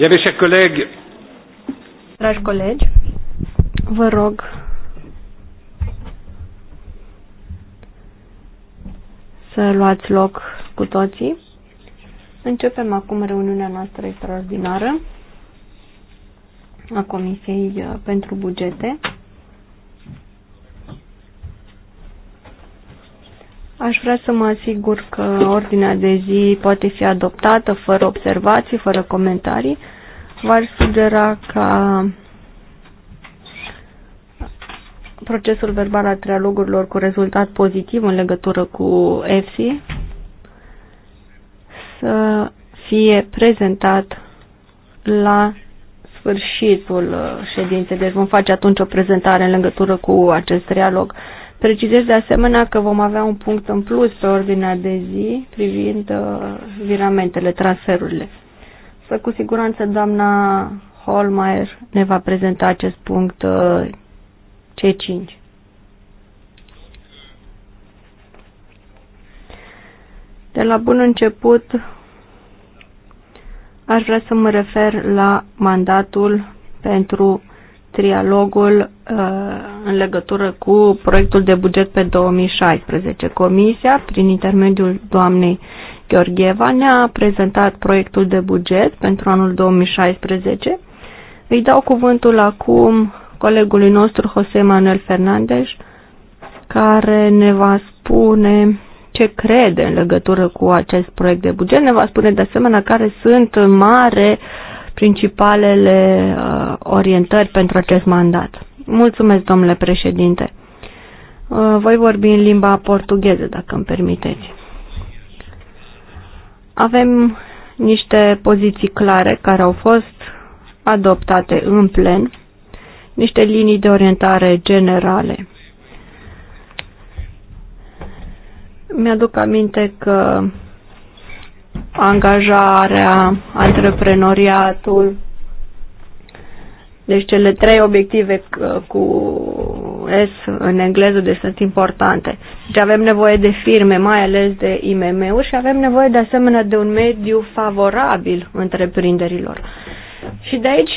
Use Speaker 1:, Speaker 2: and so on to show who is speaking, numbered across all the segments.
Speaker 1: Bien, mes chers collègues.
Speaker 2: Dragi colegi, vă rog să luați loc cu toții. Începem acum reuniunea noastră extraordinară a Comisiei uh, pentru Bugete. Aș vrea să mă asigur că ordinea de zi poate fi adoptată fără observații, fără comentarii. v ar sugera ca procesul verbal al trialogurilor cu rezultat pozitiv în legătură cu EFSI să fie prezentat la sfârșitul uh, ședinței. Deci vom face atunci o prezentare în legătură cu acest trialog. Precizez de asemenea că vom avea un punct în plus pe ordinea de zi privind uh, viramentele, traserurile. Să cu siguranță doamna Holmeier ne va prezenta acest punct uh, C5. De la bun început aș vrea să mă refer la mandatul pentru trialogul uh, în legătură cu proiectul de buget pe 2016. Comisia, prin intermediul doamnei Gheorgheva, ne-a prezentat proiectul de buget pentru anul 2016. Îi dau cuvântul acum colegului nostru José Manuel Fernandez, care ne va spune ce crede în legătură cu acest proiect de buget. Ne va spune de asemenea care sunt mare uh, principalele uh, orientări pentru acest mandat. Mulțumesc, domnule președinte. Uh, voi vorbi în limba portugheză, dacă îmi permiteți. Avem niște poziții clare care au fost adoptate în plen, niște linii de orientare generale. Mi-aduc aminte că angajarea, antreprenoriatul. Deci cele trei obiective cu S în engleză de deci sunt importante. Deci avem nevoie de firme, mai ales de IMM-uri și avem nevoie de asemenea de un mediu favorabil întreprinderilor. Și de aici,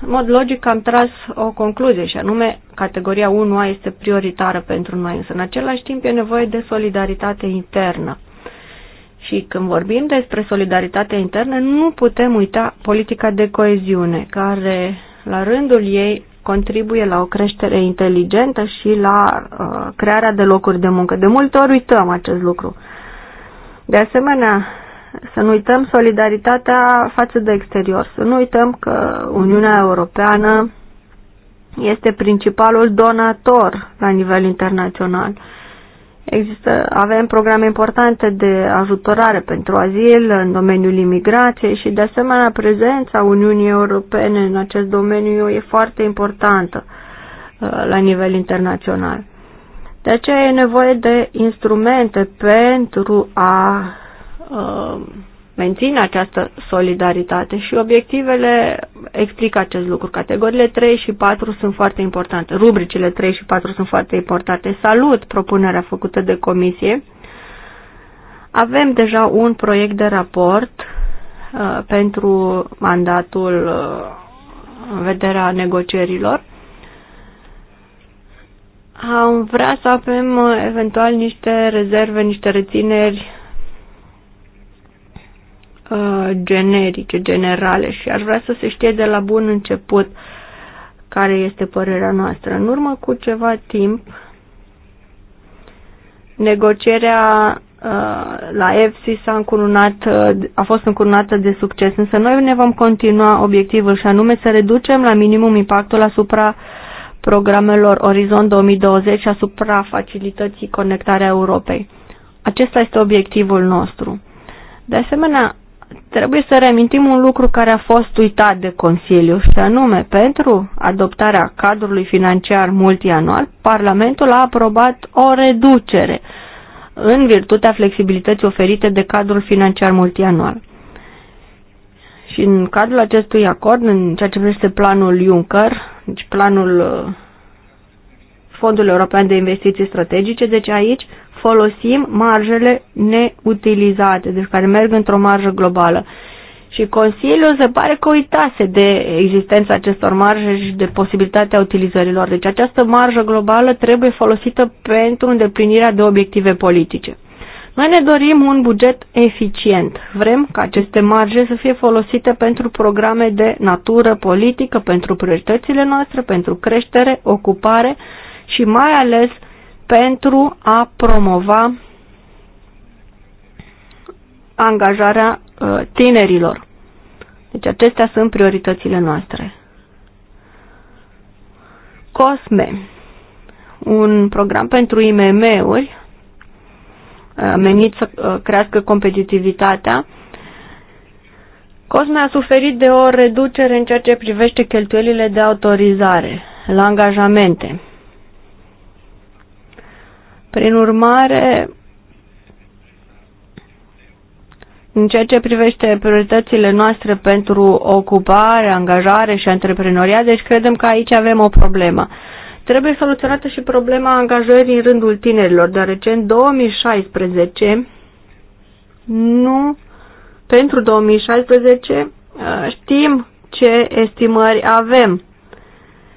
Speaker 2: în mod logic, am tras o concluzie și anume categoria 1A este prioritară pentru noi, însă în același timp e nevoie de solidaritate internă. Și când vorbim despre solidaritatea internă, nu putem uita politica de coeziune, care la rândul ei contribuie la o creștere inteligentă și la uh, crearea de locuri de muncă. De multe ori uităm acest lucru. De asemenea, să nu uităm solidaritatea față de exterior, să nu uităm că Uniunea Europeană este principalul donator la nivel internațional. Uh, Există, avem programe importante de ajutorare pentru azil în domeniul imigrației și, de asemenea, prezența Uniunii Europene în acest domeniu e foarte importantă uh, la nivel internațional. De aceea e nevoie de instrumente pentru a uh, menține această solidaritate și obiectivele explică acest lucru. Categoriile 3 și 4 sunt foarte importante, rubricile 3 și 4 sunt foarte importante. Salut propunerea făcută de comisie. Avem deja un proiect de raport uh, pentru mandatul uh, în vederea negocierilor. Am vrea să avem uh, eventual niște rezerve, niște rețineri Uh, generice, generale și aș vrea să se știe de la bun început care este părerea noastră. În urmă cu ceva timp, negocierea uh, la EFSI s-a încurunat, uh, a fost încurunată de succes, însă noi ne vom continua obiectivul și anume să reducem la minimum impactul asupra programelor Orizont 2020 și asupra facilității conectarea Europei. Acesta este obiectivul nostru. De asemenea, trebuie să reamintim un lucru care a fost uitat de Consiliu și anume, pentru adoptarea cadrului financiar multianual, Parlamentul a aprobat o reducere în virtutea flexibilității oferite de cadrul financiar multianual. Și în cadrul acestui acord, în ceea ce privește planul Juncker, deci planul uh, Fondul European de Investiții Strategice, deci aici folosim marjele neutilizate, deci care merg într-o marjă globală. Și Consiliul se pare că uitase de existența acestor marje și de posibilitatea utilizărilor. Deci această marjă globală trebuie folosită pentru îndeplinirea de obiective politice. Noi ne dorim un buget eficient. Vrem ca aceste marje să fie folosite pentru programe de natură politică, pentru prioritățile noastre, pentru creștere, ocupare și mai ales pentru a promova angajarea uh, tinerilor. Deci acestea sunt prioritățile noastre. COSME, un program pentru IMM-uri uh, menit să uh, crească competitivitatea. COSME a suferit de o reducere în ceea ce privește cheltuielile de autorizare la angajamente prin urmare, în ceea ce privește prioritățile noastre pentru ocupare, angajare și antreprenoria, deci credem că aici avem o problemă. Trebuie soluționată și problema angajării în rândul tinerilor, deoarece în 2016 nu pentru 2016 uh, știm ce estimări avem.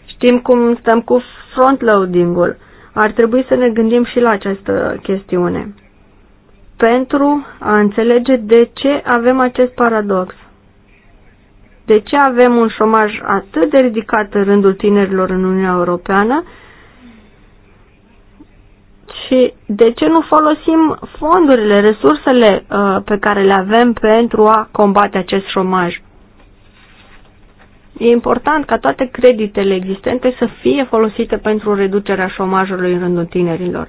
Speaker 2: Știm cum stăm cu frontloading-ul ar trebui să ne gândim și la această chestiune pentru a înțelege de ce avem acest paradox. De ce avem un șomaj atât de ridicat în rândul tinerilor în Uniunea Europeană și de ce nu folosim fondurile, resursele uh, pe care le avem pentru a combate acest șomaj? E important ca toate creditele existente să fie folosite pentru reducerea șomajului în rândul tinerilor.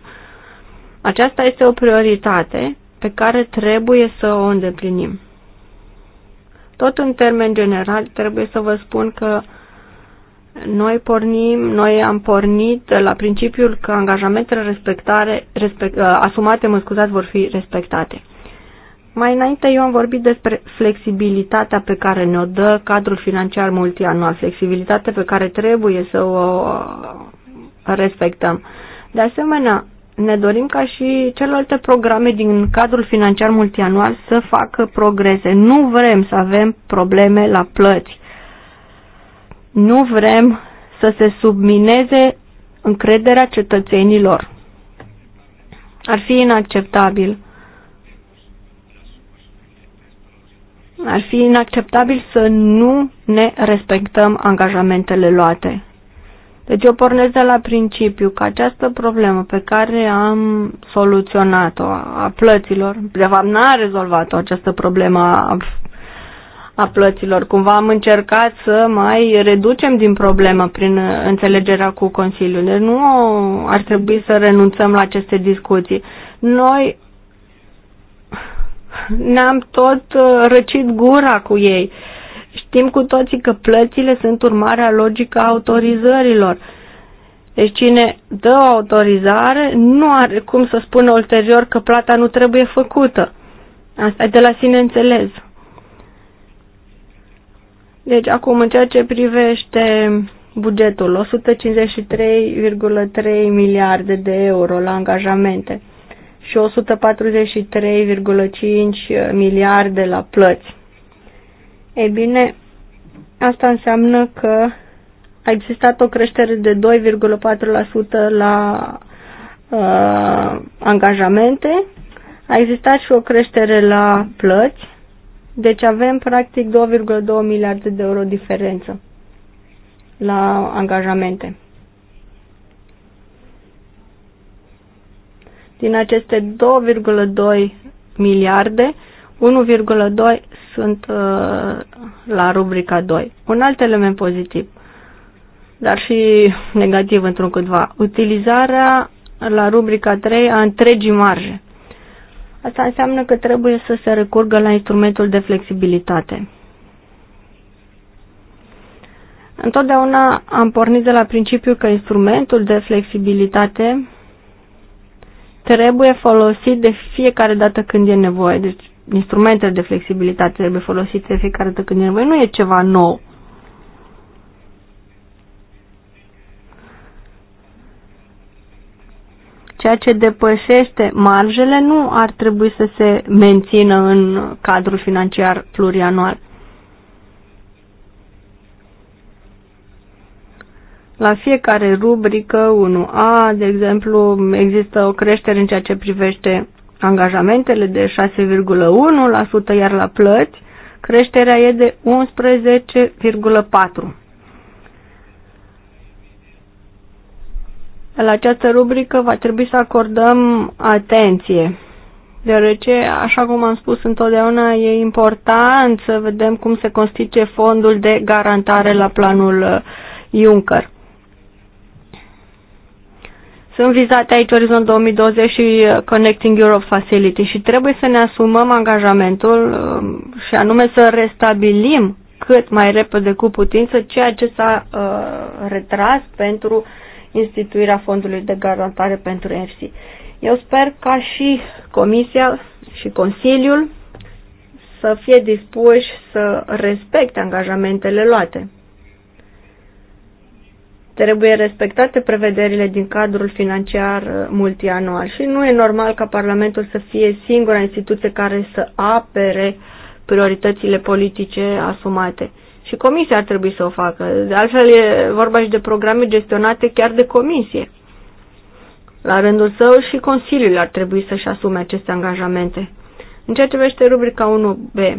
Speaker 2: Aceasta este o prioritate pe care trebuie să o îndeplinim. Tot în termen general, trebuie să vă spun că noi pornim, noi am pornit la principiul că angajamentele respectare, respect, ă, asumate, mă scuzați, vor fi respectate. Mai înainte eu am vorbit despre flexibilitatea pe care ne-o dă cadrul financiar multianual, flexibilitatea pe care trebuie să o uh, respectăm. De asemenea, ne dorim ca și celelalte programe din cadrul financiar multianual să facă progrese. Nu vrem să avem probleme la plăți. Nu vrem să se submineze încrederea cetățenilor. Ar fi inacceptabil Ar fi inacceptabil să nu ne respectăm angajamentele luate. Deci eu pornesc de la principiu că această problemă pe care am soluționat-o a plăților, de fapt n-a rezolvat-o această problemă a, a plăților, cumva am încercat să mai reducem din problemă prin înțelegerea cu Consiliul. Deci nu ar trebui să renunțăm la aceste discuții. Noi ne-am tot uh, răcit gura cu ei. Știm cu toții că plățile sunt urmarea logică a autorizărilor. Deci cine dă o autorizare nu are cum să spună ulterior că plata nu trebuie făcută. Asta e de la sine înțeles. Deci acum în ceea ce privește bugetul, 153,3 miliarde de euro la angajamente și 143,5 miliarde la plăți. E bine, asta înseamnă că a existat o creștere de 2,4% la uh, angajamente, a existat și o creștere la plăți, deci avem practic 2,2 miliarde de euro diferență la angajamente. Din aceste 2,2 miliarde, 1,2 sunt uh, la rubrica 2. Un alt element pozitiv, dar și negativ într-un câtva, utilizarea la rubrica 3 a întregii marje. Asta înseamnă că trebuie să se recurgă la instrumentul de flexibilitate. Întotdeauna am pornit de la principiul că instrumentul de flexibilitate trebuie folosit de fiecare dată când e nevoie. Deci instrumentele de flexibilitate trebuie folosite de fiecare dată când e nevoie. Nu e ceva nou. Ceea ce depășește marjele nu ar trebui să se mențină în cadrul financiar plurianual. La fiecare rubrică 1A, de exemplu, există o creștere în ceea ce privește angajamentele de 6,1%, iar la plăți creșterea e de 11,4%. La această rubrică va trebui să acordăm atenție, deoarece, așa cum am spus întotdeauna, e important să vedem cum se constituie fondul de garantare la planul uh, Juncker. Sunt vizate aici Orizont 2020 și uh, Connecting Europe Facility și trebuie să ne asumăm angajamentul um, și anume să restabilim cât mai repede cu putință ceea ce s-a uh, retras pentru instituirea fondului de garantare pentru EFSI. Eu sper ca și Comisia și Consiliul să fie dispuși să respecte angajamentele luate. Trebuie respectate prevederile din cadrul financiar uh, multianual și nu e normal ca Parlamentul să fie singura instituție care să apere prioritățile politice asumate. Și comisia ar trebui să o facă. De altfel e vorba și de programe gestionate chiar de comisie. La rândul său și Consiliul ar trebui să-și asume aceste angajamente. În ceea ce vește rubrica 1b,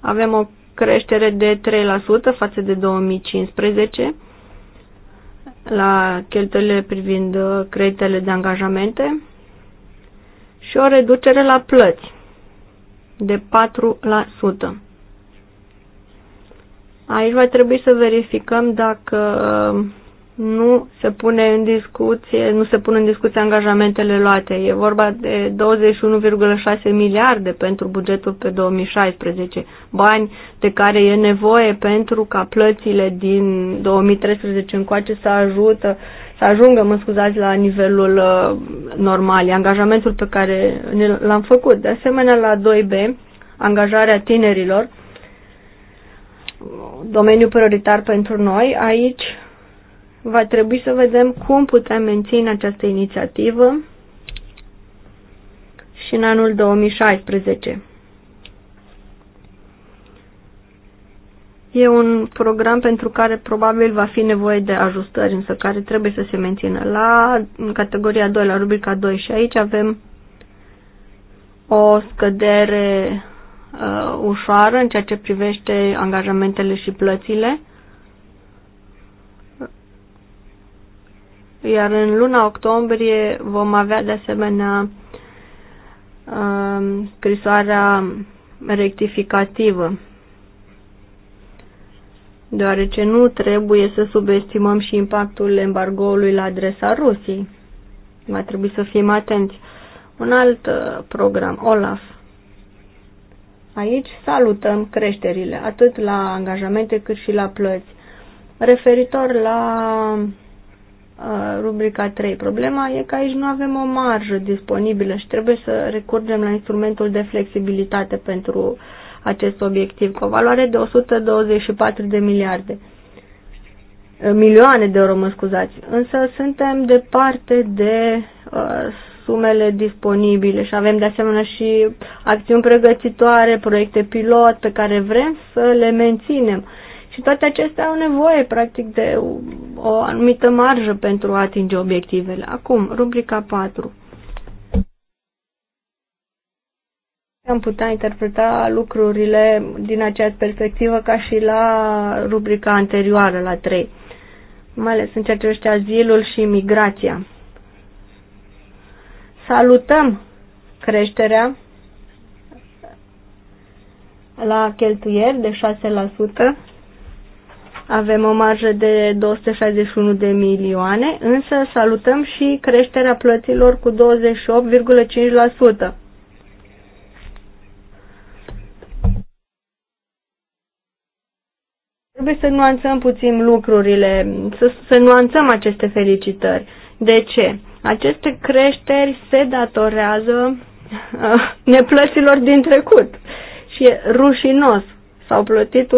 Speaker 2: avem o creștere de 3% față de 2015 la cheltuielile privind uh, creditele de angajamente și o reducere la plăți de 4%. Aici va trebui să verificăm dacă uh, nu se pune în discuție, nu se pun în discuție angajamentele luate. E vorba de 21,6 miliarde pentru bugetul pe 2016, bani de care e nevoie pentru ca plățile din 2013 încoace să ajută să ajungă, mă scuzați, la nivelul uh, normal, e angajamentul pe care l-am făcut. De asemenea, la 2B, angajarea tinerilor, domeniu prioritar pentru noi, aici va trebui să vedem cum putem menține această inițiativă și în anul 2016. E un program pentru care probabil va fi nevoie de ajustări, însă care trebuie să se mențină. La în categoria 2, la rubrica 2 și aici avem o scădere uh, ușoară în ceea ce privește angajamentele și plățile. iar în luna octombrie vom avea de asemenea uh, scrisoarea rectificativă deoarece nu trebuie să subestimăm și impactul embargoului la adresa Rusiei. Va trebui să fim atenți. Un alt uh, program, OLAF. Aici salutăm creșterile, atât la angajamente cât și la plăți. Referitor la Uh, rubrica 3. Problema e că aici nu avem o marjă disponibilă și trebuie să recurgem la instrumentul de flexibilitate pentru acest obiectiv, cu o valoare de 124 de miliarde uh, milioane de euro, mă scuzați, însă suntem departe de uh, sumele disponibile și avem de asemenea și acțiuni pregătitoare, proiecte pilot pe care vrem să le menținem. Și toate acestea au nevoie, practic, de o anumită marjă pentru a atinge obiectivele. Acum, rubrica 4. Am putea interpreta lucrurile din această perspectivă ca și la rubrica anterioară, la 3, mai ales în ceea ce privește azilul și migrația. Salutăm creșterea la cheltuieri de 6%, avem o marjă de 261 de milioane, însă salutăm și creșterea plăților cu 28,5%. Trebuie să nuanțăm puțin lucrurile, să, să nuanțăm aceste felicitări. De ce? Aceste creșteri se datorează uh, neplăților din trecut și e rușinos s-au plătit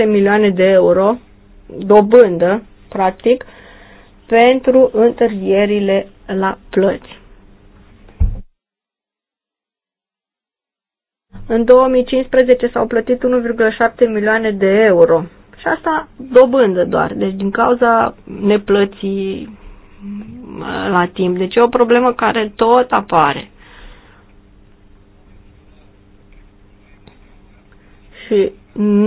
Speaker 2: 1,7 milioane de euro dobândă, practic, pentru întârzierile la plăți. În 2015 s-au plătit 1,7 milioane de euro. Și asta dobândă doar, deci din cauza neplății la timp. Deci e o problemă care tot apare. și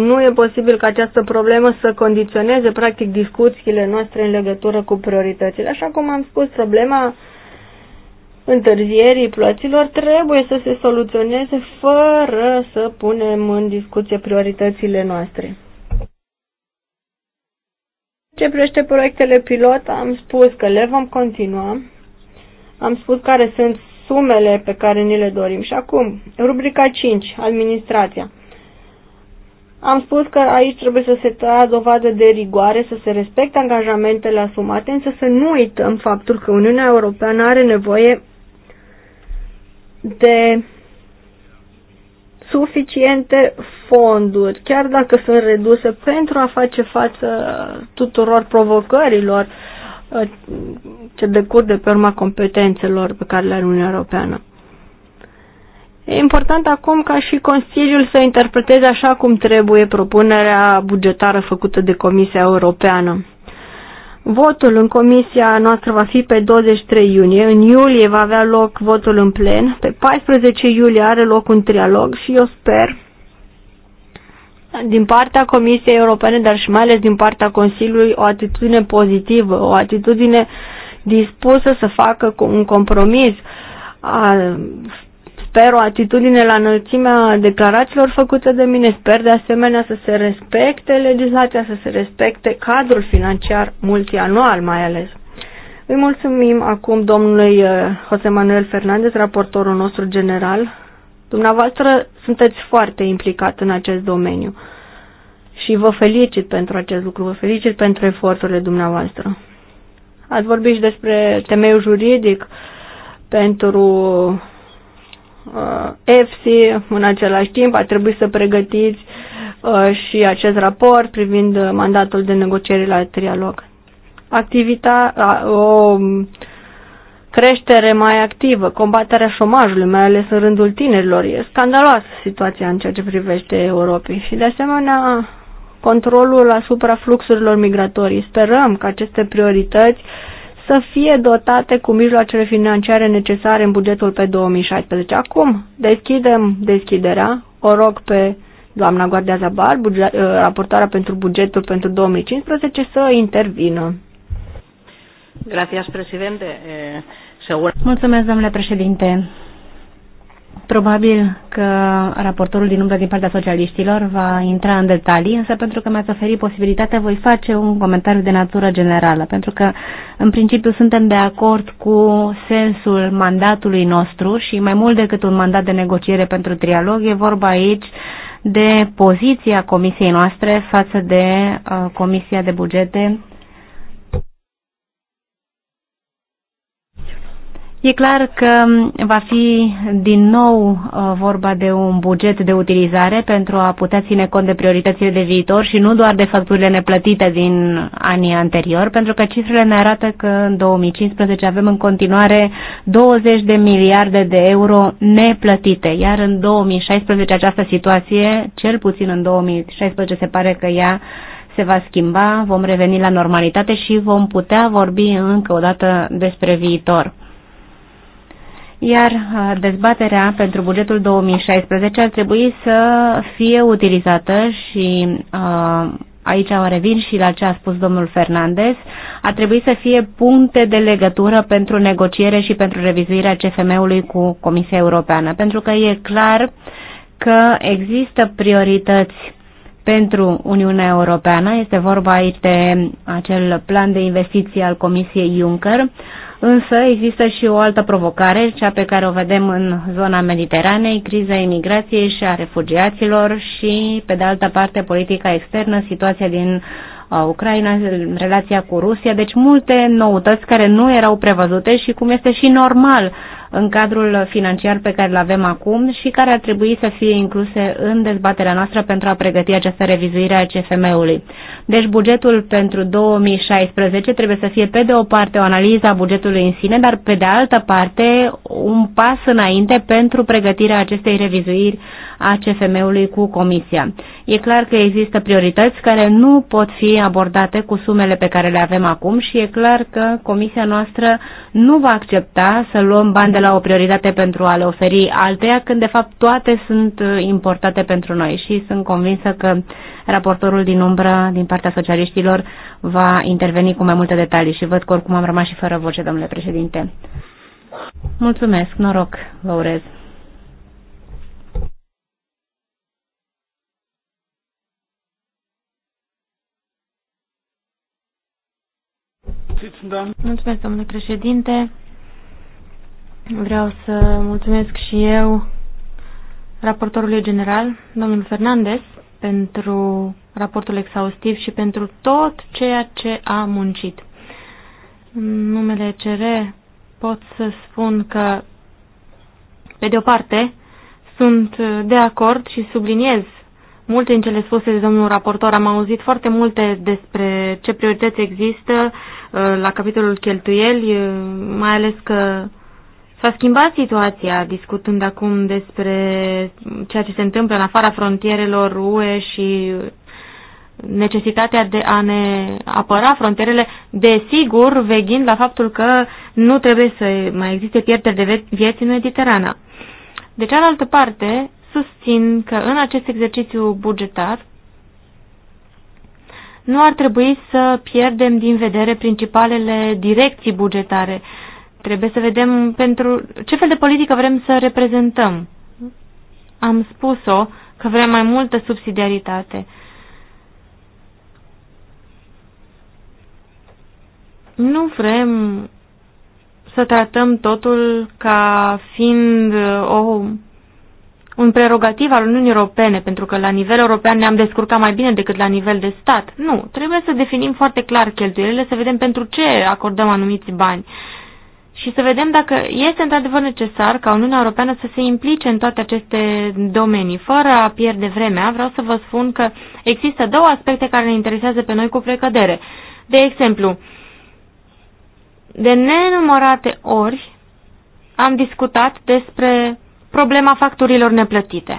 Speaker 2: nu e posibil ca această problemă să condiționeze practic discuțiile noastre în legătură cu prioritățile. Așa cum am spus, problema întârzierii plăților trebuie să se soluționeze fără să punem în discuție prioritățile noastre. Ce privește proiectele pilot, am spus că le vom continua. Am spus care sunt sumele pe care ni le dorim. Și acum, rubrica 5, administrația. Am spus că aici trebuie să se taie dovadă de rigoare, să se respecte angajamentele asumate, însă să nu uităm faptul că Uniunea Europeană are nevoie de suficiente fonduri, chiar dacă sunt reduse, pentru a face față tuturor provocărilor uh, ce decur de pe urma competențelor pe care le are Uniunea Europeană. E important acum ca și Consiliul să interpreteze așa cum trebuie propunerea bugetară făcută de Comisia Europeană. Votul în comisia noastră va fi pe 23 iunie, în iulie va avea loc votul în plen, pe 14 iulie are loc un trialog și eu sper din partea Comisiei Europene, dar și mai ales din partea Consiliului, o atitudine pozitivă, o atitudine dispusă să facă un compromis, a sper o atitudine la înălțimea declarațiilor făcute de mine. Sper de asemenea să se respecte legislația, să se respecte cadrul financiar multianual mai ales. Îi mulțumim acum domnului uh, José Manuel Fernandez, raportorul nostru general. Dumneavoastră sunteți foarte implicat în acest domeniu și vă felicit pentru acest lucru, vă felicit pentru eforturile dumneavoastră. Ați vorbit și despre temeiul juridic pentru EFSI uh, în același timp. A trebuit să pregătiți uh, și acest raport privind mandatul de negociere la trialog. Activita, o creștere mai activă, combaterea șomajului, mai ales în rândul tinerilor. E scandaloasă situația în ceea ce privește Europei și, de asemenea, controlul asupra fluxurilor migratorii. Sperăm că aceste priorități uh, să fie dotate cu mijloacele financiare necesare în bugetul pe 2016. Acum deschidem deschiderea, o rog pe doamna Guardia Zabar, ă, raportarea pentru bugetul pentru 2015, să intervină. Gracias, eh,
Speaker 3: Mulțumesc, domnule președinte. Probabil că raportorul din umbră din partea socialiștilor va intra în detalii, însă pentru că mi-ați oferit posibilitatea, voi face un comentariu de natură generală, pentru că în principiu suntem de acord cu sensul mandatului nostru și mai mult decât un mandat de negociere pentru trialog, e vorba aici de poziția comisiei noastre față de uh, Comisia de Bugete E clar că va fi din nou uh, vorba de un buget de utilizare pentru a putea ține cont de prioritățile de viitor și nu doar de facturile neplătite din anii anterior, pentru că cifrele ne arată că în 2015 avem în continuare 20 de miliarde de euro neplătite, iar în 2016 această situație, cel puțin în 2016 se pare că ea se va schimba, vom reveni la normalitate și vom putea vorbi încă o dată despre viitor iar uh, dezbaterea pentru bugetul 2016 ar trebui să fie utilizată și uh, aici o revin și la ce a spus domnul Fernandez, ar trebui să fie puncte de legătură pentru negociere și pentru revizuirea CFM-ului cu Comisia Europeană, pentru că e clar că există priorități pentru Uniunea Europeană. Este vorba aici de acel plan de investiții al Comisiei Juncker, Însă există și o altă provocare, cea pe care o vedem în zona Mediteranei, criza imigrației și a refugiaților și, pe de altă parte, politica externă, situația din uh, Ucraina, relația cu Rusia, deci multe noutăți care nu erau prevăzute și cum este și normal în cadrul financiar pe care îl avem acum și care ar trebui să fie incluse în dezbaterea noastră pentru a pregăti această revizuire a CFM-ului. Deci bugetul pentru 2016 trebuie să fie pe de o parte o analiză a bugetului în sine, dar pe de altă parte un pas înainte pentru pregătirea acestei revizuiri a CFM-ului cu Comisia. E clar că există priorități care nu pot fi abordate cu sumele pe care le avem acum și e clar că comisia noastră nu va accepta să luăm bani de la o prioritate pentru a le oferi alteia, când de fapt toate sunt uh, importate pentru noi și sunt convinsă că raportorul din umbră din partea socialiștilor va interveni cu mai multe detalii și văd că oricum am rămas și fără voce, domnule președinte. Mulțumesc, noroc, vă urez.
Speaker 2: Mulțumesc, domnule președinte. Vreau să mulțumesc și eu raportorului general, domnul Fernandez, pentru raportul exhaustiv și pentru tot ceea ce a muncit. În numele CR pot să spun că, pe de o parte, sunt de acord și subliniez multe din cele spuse de domnul raportor. Am auzit foarte multe despre ce priorități există uh, la capitolul cheltuieli, uh, mai ales că S-a schimbat situația discutând acum despre ceea ce se întâmplă în afara frontierelor UE și necesitatea de a ne apăra frontierele, desigur veghind la faptul că nu trebuie să mai existe pierderi de vieți în Mediterana. De cealaltă parte, susțin că în acest exercițiu bugetar nu ar trebui să pierdem din vedere principalele direcții bugetare. Trebuie să vedem pentru ce fel de politică vrem să reprezentăm. Am spus-o că vrem mai multă subsidiaritate. Nu vrem să tratăm totul ca fiind o un prerogativ al Uniunii Europene, pentru că la nivel european ne-am descurcat mai bine decât la nivel de stat. Nu, trebuie să definim foarte clar cheltuielile, să vedem pentru ce acordăm anumiți bani și să vedem dacă este într-adevăr necesar ca Uniunea Europeană să se implice în toate aceste domenii. Fără a pierde vremea, vreau să vă spun că există două aspecte care ne interesează pe noi cu precădere. De exemplu, de nenumărate ori am discutat despre problema facturilor neplătite.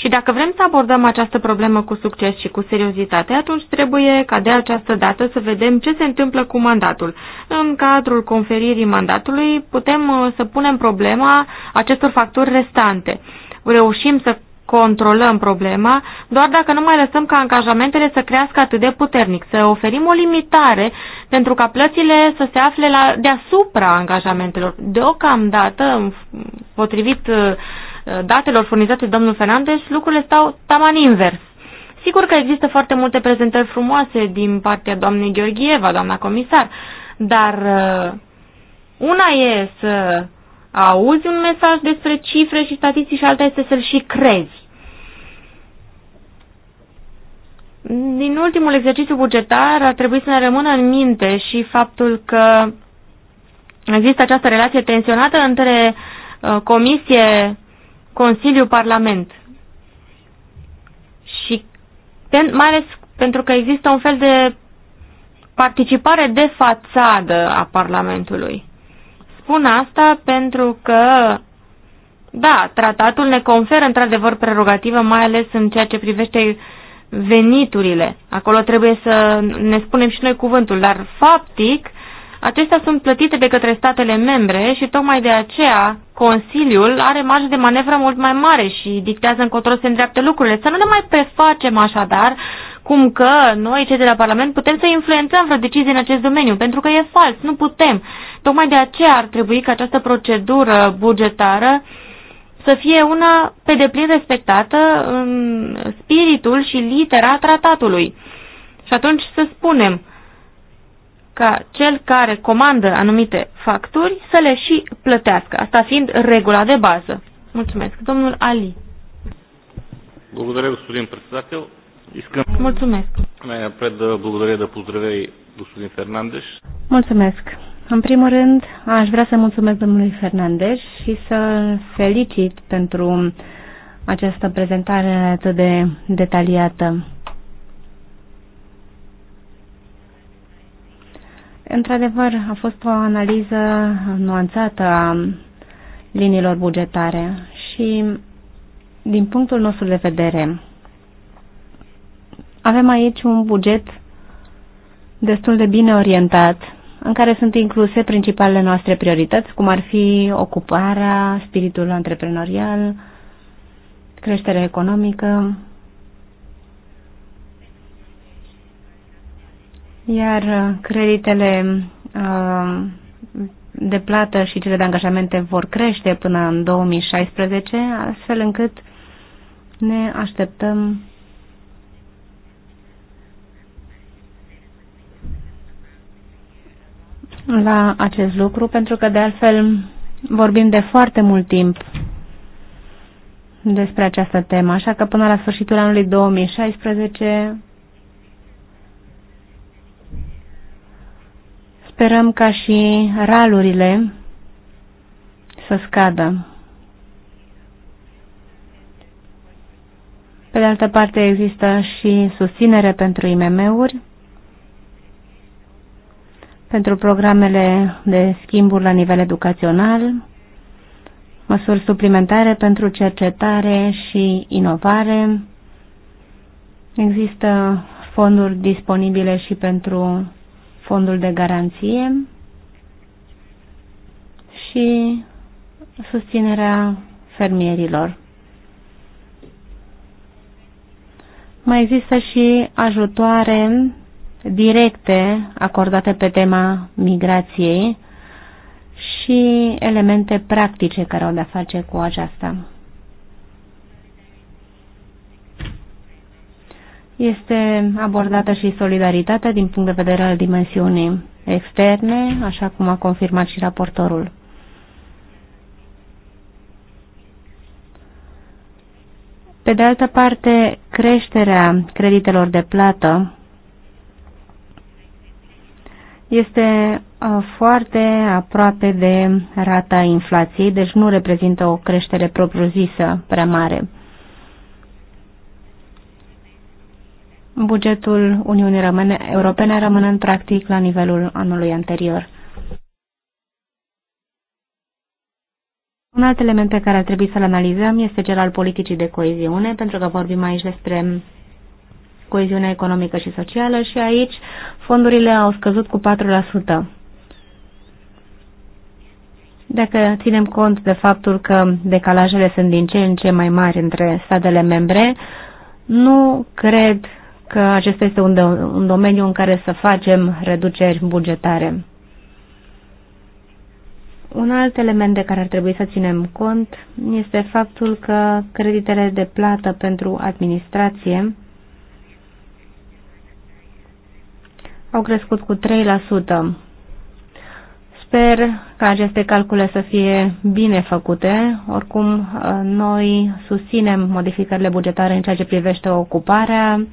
Speaker 2: Și dacă vrem să abordăm această problemă cu succes și cu seriozitate, atunci trebuie ca de această dată să vedem ce se întâmplă cu mandatul. În cadrul conferirii mandatului putem uh, să punem problema acestor facturi restante. Reușim să controlăm problema doar dacă nu mai lăsăm ca angajamentele să crească atât de puternic, să oferim o limitare pentru ca plățile să se afle la, deasupra angajamentelor. Deocamdată, potrivit uh, datelor furnizate de domnul Fernandez, lucrurile stau taman invers. Sigur că există foarte multe prezentări frumoase din partea doamnei Gheorgheva, doamna comisar, dar uh, una e să auzi un mesaj despre cifre și statistici și alta este să-l și crezi. Din ultimul exercițiu bugetar ar trebui să ne rămână în minte și faptul că există această relație tensionată între uh, Comisie, Consiliu, Parlament. Și mai ales pentru că există un fel de participare de fațadă a Parlamentului. Spun asta pentru că, da, tratatul ne conferă într-adevăr prerogativă, mai ales în ceea ce privește veniturile. Acolo trebuie să ne spunem și noi cuvântul, dar faptic acestea sunt plătite de către statele membre și tocmai de aceea Consiliul are marge de manevră mult mai mare și dictează încotro să îndreaptă lucrurile. Să nu ne mai prefacem așadar cum că noi, cei de la Parlament, putem să influențăm vreo decizie în acest domeniu, pentru că e fals, nu putem. Tocmai de aceea ar trebui ca această procedură bugetară uh, să fie una pe deplin respectată în spiritul și litera tratatului. Și atunci să spunem ca cel care comandă anumite facturi să le și plătească, asta fiind regula de bază. Mulțumesc. Domnul Ali.
Speaker 1: Благодаря, господин председател. Искам... Mulțumesc. да благодаря да поздравя и господин Фернандеш.
Speaker 3: Mulțumesc. În primul rând, aș vrea să mulțumesc domnului Fernandez și să felicit pentru această prezentare atât de detaliată. Într-adevăr, a fost o analiză nuanțată a liniilor bugetare și, din punctul nostru de vedere, avem aici un buget destul de bine orientat în care sunt incluse principalele noastre priorități, cum ar fi ocuparea, spiritul antreprenorial, creșterea economică, iar creditele uh, de plată și cele de angajamente vor crește până în 2016, astfel încât ne așteptăm la acest lucru, pentru că de altfel vorbim de foarte mult timp despre această temă, așa că până la sfârșitul anului 2016 sperăm ca și ralurile să scadă. Pe de altă parte există și susținere pentru IMM-uri, pentru programele de schimburi la nivel educațional, măsuri suplimentare pentru cercetare și inovare. Există fonduri disponibile și pentru fondul de garanție și susținerea fermierilor. Mai există și ajutoare directe acordate pe tema migrației și elemente practice care au de-a face cu aceasta. Este abordată și solidaritatea din punct de vedere al dimensiunii externe, așa cum a confirmat și raportorul. Pe de altă parte, creșterea creditelor de plată este uh, foarte aproape de rata inflației, deci nu reprezintă o creștere propriu-zisă prea mare. Bugetul Uniunii Rămâne, Europene în practic la nivelul anului anterior. Un alt element pe care ar trebui să-l analizăm este cel al politicii de coeziune, pentru că vorbim aici despre coeziunea economică și socială și aici fondurile au scăzut cu 4%. Dacă ținem cont de faptul că decalajele sunt din ce în ce mai mari între statele membre, nu cred că acesta este un, do un domeniu în care să facem reduceri bugetare. Un alt element de care ar trebui să ținem cont este faptul că creditele de plată pentru administrație au crescut cu 3%. Sper ca aceste calcule să fie bine făcute. Oricum, noi susținem modificările bugetare în ceea ce privește ocuparea,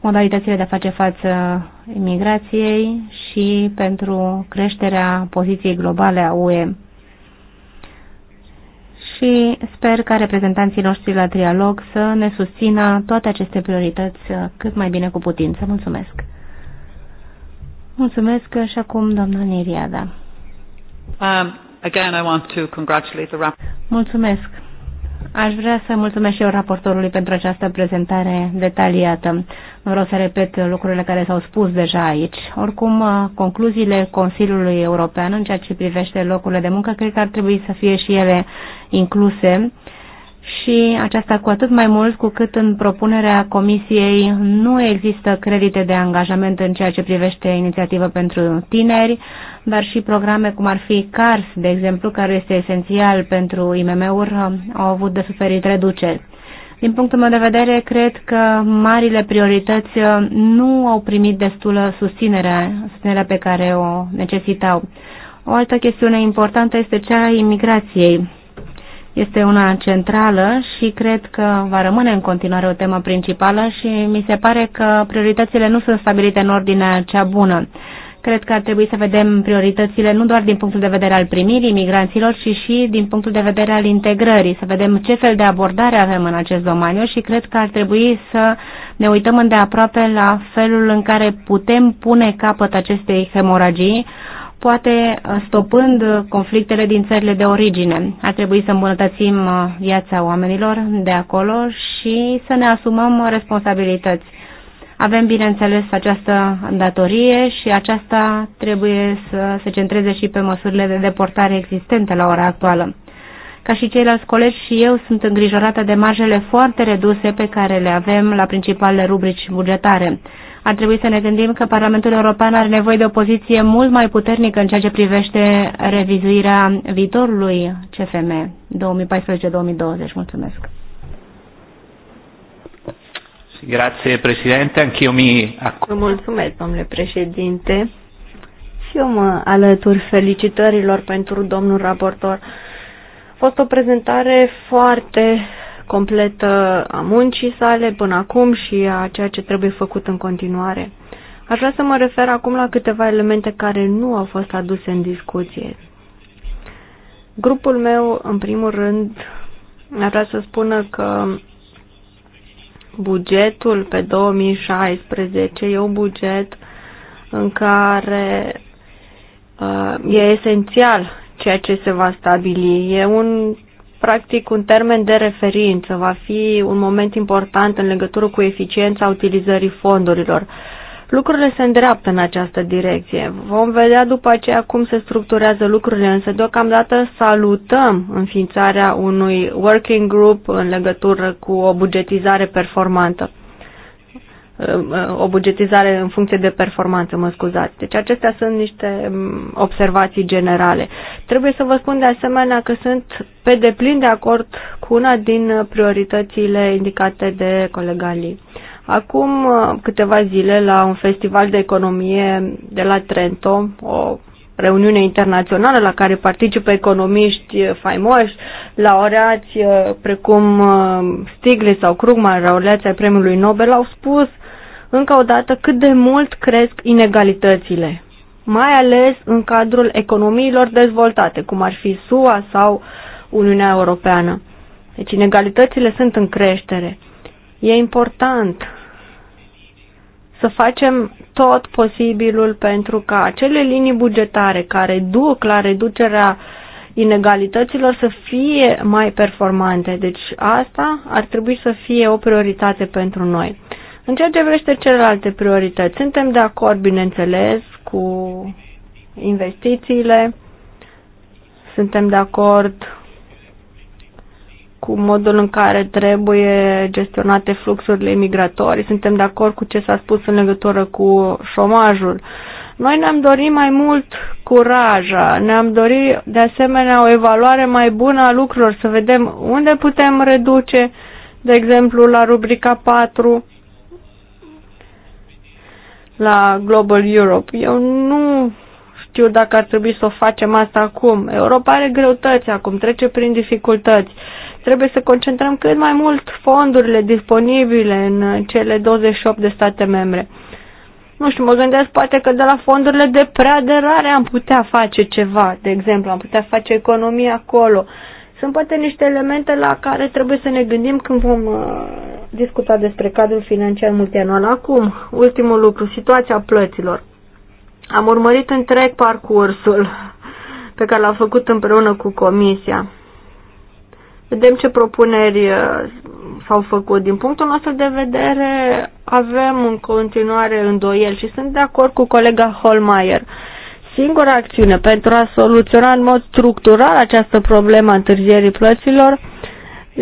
Speaker 3: modalitățile de a face față imigrației și pentru creșterea poziției globale a UE. Și sper ca reprezentanții noștri la trialog să ne susțină toate aceste priorități cât mai bine cu putință. Mulțumesc! Mulțumesc și acum doamna Neriada.
Speaker 1: Um, again, I want to congratulate the
Speaker 3: Mulțumesc. Aș vrea să mulțumesc și eu raportorului pentru această prezentare detaliată. Nu vreau să repet lucrurile care s-au spus deja aici. Oricum, uh, concluziile Consiliului European în ceea ce privește locurile de muncă cred că ar trebui să fie și ele incluse uh, și aceasta cu atât mai mult cu cât în propunerea Comisiei nu există credite de angajament în ceea ce privește inițiativă pentru tineri, dar și programe cum ar fi CARS, de exemplu, care este esențial pentru IMM-uri, au avut de suferit reduceri. Din punctul meu de vedere, cred că marile priorități nu au primit destulă susținere, susținerea pe care o necesitau. O altă chestiune importantă este cea a imigrației este una centrală și cred că va rămâne în continuare o temă principală și mi se pare că prioritățile nu sunt stabilite în ordinea cea bună. Cred că ar trebui să vedem prioritățile nu doar din punctul de vedere al primirii migranților, ci și din punctul de vedere al integrării, să vedem ce fel de abordare avem în acest domeniu și cred că ar trebui să ne uităm îndeaproape la felul în care putem pune capăt acestei hemoragii, poate uh, stopând uh, conflictele din țările de origine. Ar trebui să îmbunătățim uh, viața oamenilor de acolo și să ne asumăm responsabilități. Avem, bineînțeles, această datorie și aceasta trebuie să se centreze și pe măsurile de deportare existente la ora actuală. Ca și ceilalți colegi și eu sunt îngrijorată de marjele foarte reduse pe care le avem la principalele rubrici bugetare ar trebui să ne gândim că Parlamentul European are nevoie de o poziție mult mai puternică în ceea ce privește revizuirea viitorului CFM 2014-2020. Mulțumesc.
Speaker 1: Grazie Presidente, anch'io mi
Speaker 2: Mulțumesc, domnule președinte. Și eu mă alătur felicitărilor pentru domnul raportor. A fost o prezentare foarte completă a muncii sale până acum și a ceea ce trebuie făcut în continuare. Aș vrea să mă refer acum la câteva elemente care nu au fost aduse în discuție. Grupul meu, în primul rând, ar vrea să spună că bugetul pe 2016 e un buget în care uh, e esențial ceea ce se va stabili. E un practic un termen de referință, va fi un moment important în legătură cu eficiența utilizării fondurilor. Lucrurile se îndreaptă în această direcție. Vom vedea după aceea cum se structurează lucrurile, însă deocamdată salutăm înființarea unui working group în legătură cu o bugetizare performantă. Um, o bugetizare în funcție de performanță, mă scuzați. Deci acestea sunt niște um, observații generale. Trebuie să vă spun de asemenea că sunt pe deplin de acord cu una din prioritățile indicate de colega Lee. Acum uh, câteva zile la un festival de economie de la Trento, o reuniune internațională la care participă economiști faimoși, laureați uh, precum uh, Stiglitz sau Krugman, laureați ai premiului Nobel, au spus încă o dată cât de mult cresc inegalitățile, mai ales în cadrul economiilor dezvoltate, cum ar fi SUA sau Uniunea Europeană. Deci inegalitățile sunt în creștere. E important să facem tot posibilul pentru ca acele linii bugetare care duc la reducerea inegalităților să fie mai performante. Deci asta ar trebui să fie o prioritate pentru noi. În ceea ce privește celelalte priorități, suntem de acord, bineînțeles, cu investițiile, suntem de acord cu modul în care trebuie gestionate fluxurile migratorii, suntem de acord cu ce s-a spus în legătură cu șomajul. Noi ne-am dorit mai mult curaj, ne-am dorit de asemenea o evaluare mai bună a lucrurilor, să vedem unde putem reduce, de exemplu, la rubrica 4, la Global Europe. Eu nu știu dacă ar trebui să o facem asta acum. Europa are greutăți acum, trece prin dificultăți. Trebuie să concentrăm cât mai mult fondurile disponibile în cele 28 de state membre. Nu știu, mă gândesc poate că de la fondurile de preaderare am putea face ceva, de exemplu, am putea face economie acolo. Uh, sunt poate niște elemente la care trebuie să ne gândim când vom uh, discuta despre cadrul financiar multianual. Acum, ultimul lucru, situația plăților. Am urmărit întreg parcursul pe care l-am făcut împreună cu comisia. Vedem ce propuneri uh, s-au făcut. Din punctul nostru de vedere, avem în continuare îndoieli și sunt de acord cu colega Holmeier. Singura acțiune pentru a soluționa în mod structural această problemă a întârzierii plăților,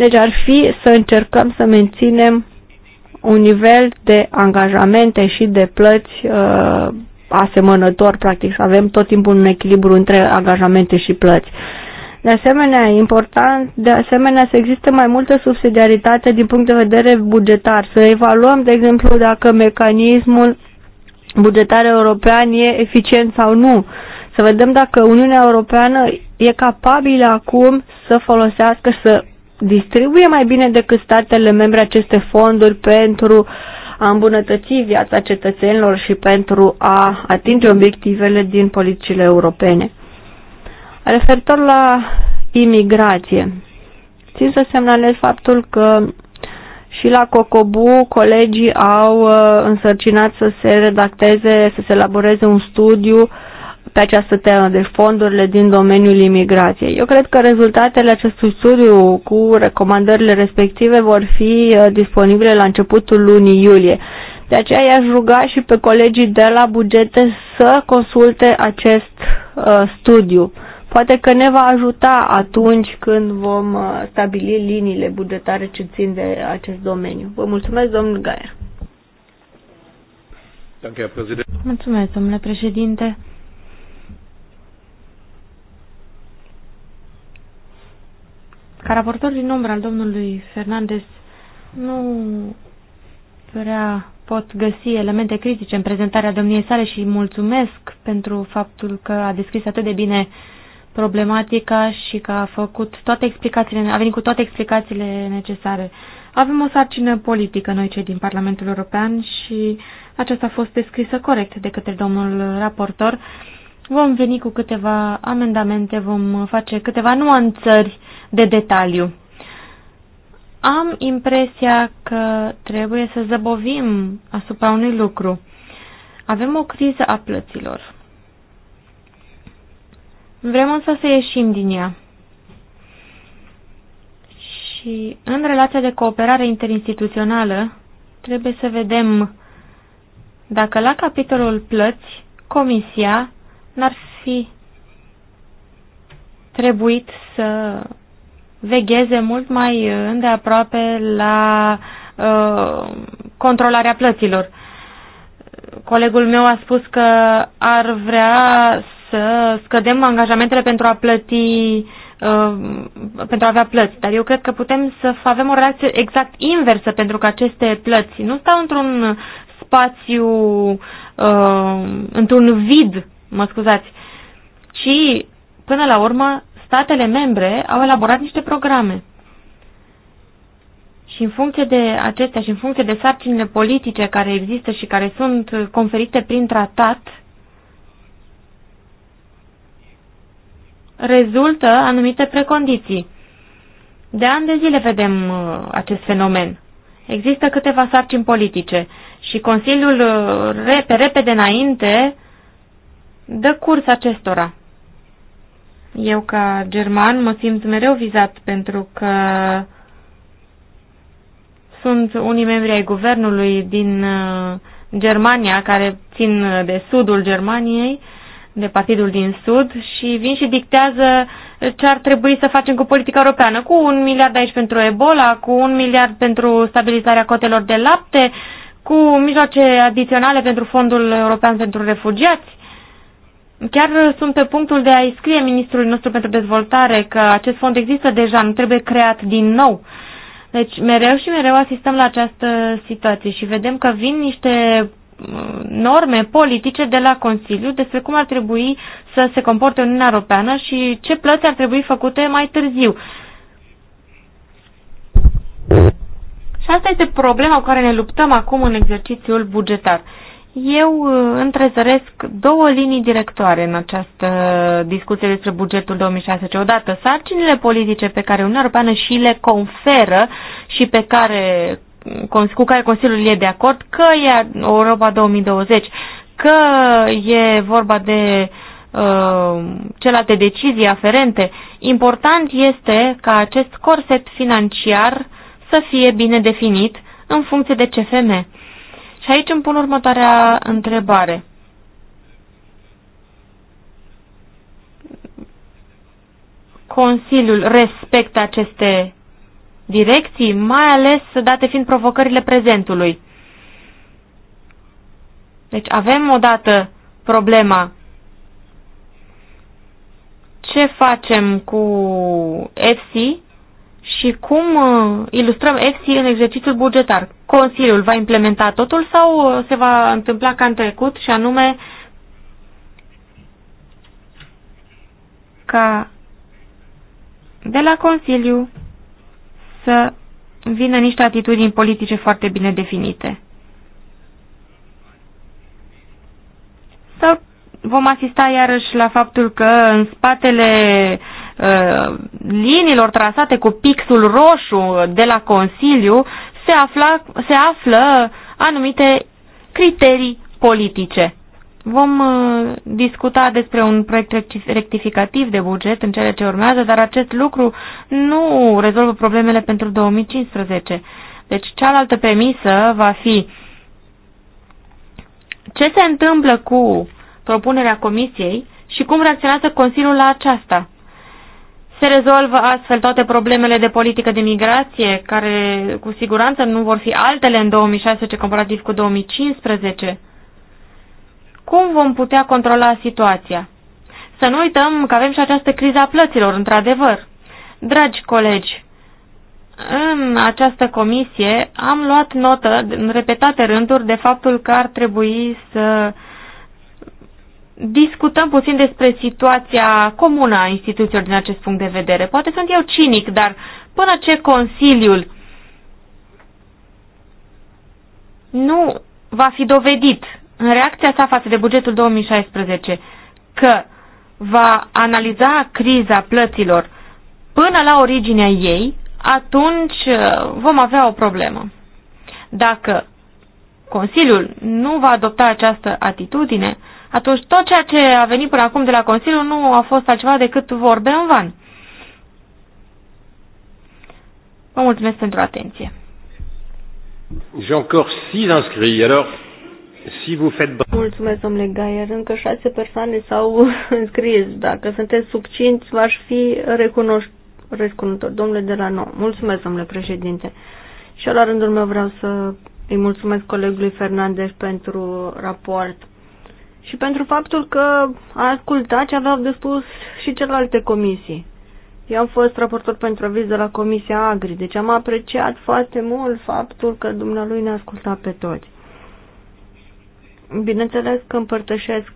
Speaker 2: deci ar fi să încercăm să menținem un nivel de angajamente și de plăți uh, asemănător, practic, să avem tot timpul un echilibru între angajamente și plăți. De asemenea, e important, de asemenea, să existe mai multă subsidiaritate din punct de vedere bugetar, să evaluăm, de exemplu, dacă mecanismul bugetar european e eficient sau nu. Să vedem dacă Uniunea Europeană e capabilă acum să folosească să distribuie mai bine decât statele membre aceste fonduri pentru a îmbunătăți viața cetățenilor și pentru a atinge obiectivele din politicile europene. Referitor la imigrație, țin să semnalez faptul că și la Cocobu colegii au uh, însărcinat să se redacteze, să se elaboreze un studiu pe această temă, deci fondurile din domeniul imigrației. Eu cred că rezultatele acestui studiu cu recomandările respective vor fi uh, disponibile la începutul lunii iulie. De aceea i-aș ruga și pe colegii de la bugete să consulte acest uh, studiu Poate că ne va ajuta atunci când vom uh, stabili liniile bugetare ce țin de acest domeniu. Vă mulțumesc, domnul Gaia. Mulțumesc, domnule președinte. Ca raportor din umbră al domnului Fernandez, nu prea pot găsi elemente critice în prezentarea domniei sale și mulțumesc pentru faptul că a descris atât de bine uh, problematica și că a făcut toate explicațiile, a venit cu toate explicațiile necesare. Avem o sarcină politică noi cei din Parlamentul European și aceasta a fost descrisă corect de către domnul raportor. Vom veni cu câteva amendamente, vom face câteva nuanțări de detaliu. Am impresia că trebuie să zăbovim asupra unui lucru. Avem o criză a plăților. Vrem însă să ieșim din ea. Și în relația de cooperare interinstituțională trebuie să vedem dacă la capitolul plăți Comisia n-ar fi trebuit să vegheze mult mai îndeaproape la uh, controlarea plăților. Colegul meu a spus că ar vrea să scădem angajamentele pentru a plăti uh, pentru a avea plăți, dar eu cred că putem să avem o reacție exact inversă pentru că aceste plăți nu stau într-un spațiu, uh, într-un vid, mă scuzați, ci până la urmă statele membre au elaborat niște programe. Și în funcție de acestea și în funcție de sarcinile politice care există și care sunt conferite prin tratat, rezultă anumite precondiții. De ani de zile vedem uh, acest fenomen. Există câteva sarcini politice și Consiliul uh, rep repede înainte dă curs acestora. Eu, ca german, mă simt mereu vizat pentru că sunt unii membri ai guvernului din uh, Germania care țin de sudul Germaniei de partidul din Sud și vin și dictează ce ar trebui să facem cu politica europeană. Cu un miliard aici pentru Ebola, cu un miliard pentru stabilizarea cotelor de lapte, cu mijloace adiționale pentru Fondul European pentru Refugiați. Chiar sunt pe punctul de a-i scrie ministrului nostru pentru dezvoltare că acest fond există deja, nu trebuie creat din nou. Deci mereu și mereu asistăm la această situație și vedem că vin niște Uh, norme politice de la Consiliu despre cum ar trebui să se comporte Uniunea Europeană și ce plăți ar trebui făcute mai târziu. Și asta este problema cu care ne luptăm acum în exercițiul bugetar. Eu uh, întrezăresc două linii directoare în această discuție despre bugetul 2016. Odată, sarcinile politice pe care Uniunea Europeană și le conferă și pe care cu care Consiliul e de acord, că e Europa 2020, că e vorba de uh, celelalte decizii aferente. Important este ca acest corset financiar să fie bine definit în funcție de CFM. Și aici îmi pun următoarea întrebare. Consiliul respectă aceste direcții, mai ales date fiind provocările prezentului. Deci avem odată problema ce facem cu EFSI și cum uh, ilustrăm EFSI în exercițiul bugetar. Consiliul va implementa totul sau uh, se va întâmpla ca în trecut și anume ca de la Consiliu să vină niște atitudini politice foarte bine definite. Sau vom asista iarăși la faptul că în spatele uh, liniilor trasate cu pixul roșu de la Consiliu se, afla, se află anumite criterii politice. Vom uh, discuta despre un proiect rectificativ de buget în cele ce urmează, dar acest lucru nu rezolvă problemele pentru 2015. Deci cealaltă premisă va fi ce se întâmplă cu propunerea Comisiei și cum reacționează Consiliul la aceasta. Se rezolvă astfel toate problemele de politică de migrație, care cu siguranță nu vor fi altele în 2016 comparativ cu 2015 cum vom putea controla situația? Să nu uităm că avem și această criză a plăților, într-adevăr. Dragi colegi, în această comisie am luat notă în repetate rânduri de faptul că ar trebui să discutăm puțin despre situația comună a instituțiilor din acest punct de vedere. Poate sunt eu cinic, dar până ce Consiliul nu va fi dovedit în reacția sa față de bugetul 2016 că va analiza criza plăților până la originea ei, atunci uh, vom avea o problemă. Dacă Consiliul nu va adopta această atitudine, atunci tot ceea ce a venit până acum de la Consiliu nu a fost altceva decât vorbe în van. Vă mulțumesc pentru atenție.
Speaker 1: J'ai encore six inscrits. Alors, si vous faites...
Speaker 2: Mulțumesc, domnule Gaier. Încă șase persoane s-au înscris. Dacă sunteți succinți, v-aș fi recunoscător. Domnule de la nou. Mulțumesc, domnule președinte. Și la rândul meu vreau să îi mulțumesc colegului Fernandez pentru raport și pentru faptul că a ascultat ce aveau de spus și celelalte comisii. Eu am fost raportor pentru aviz de la Comisia Agri, deci am apreciat foarte mult faptul că dumnealui ne-a ascultat pe toți. Bineînțeles că împărtășesc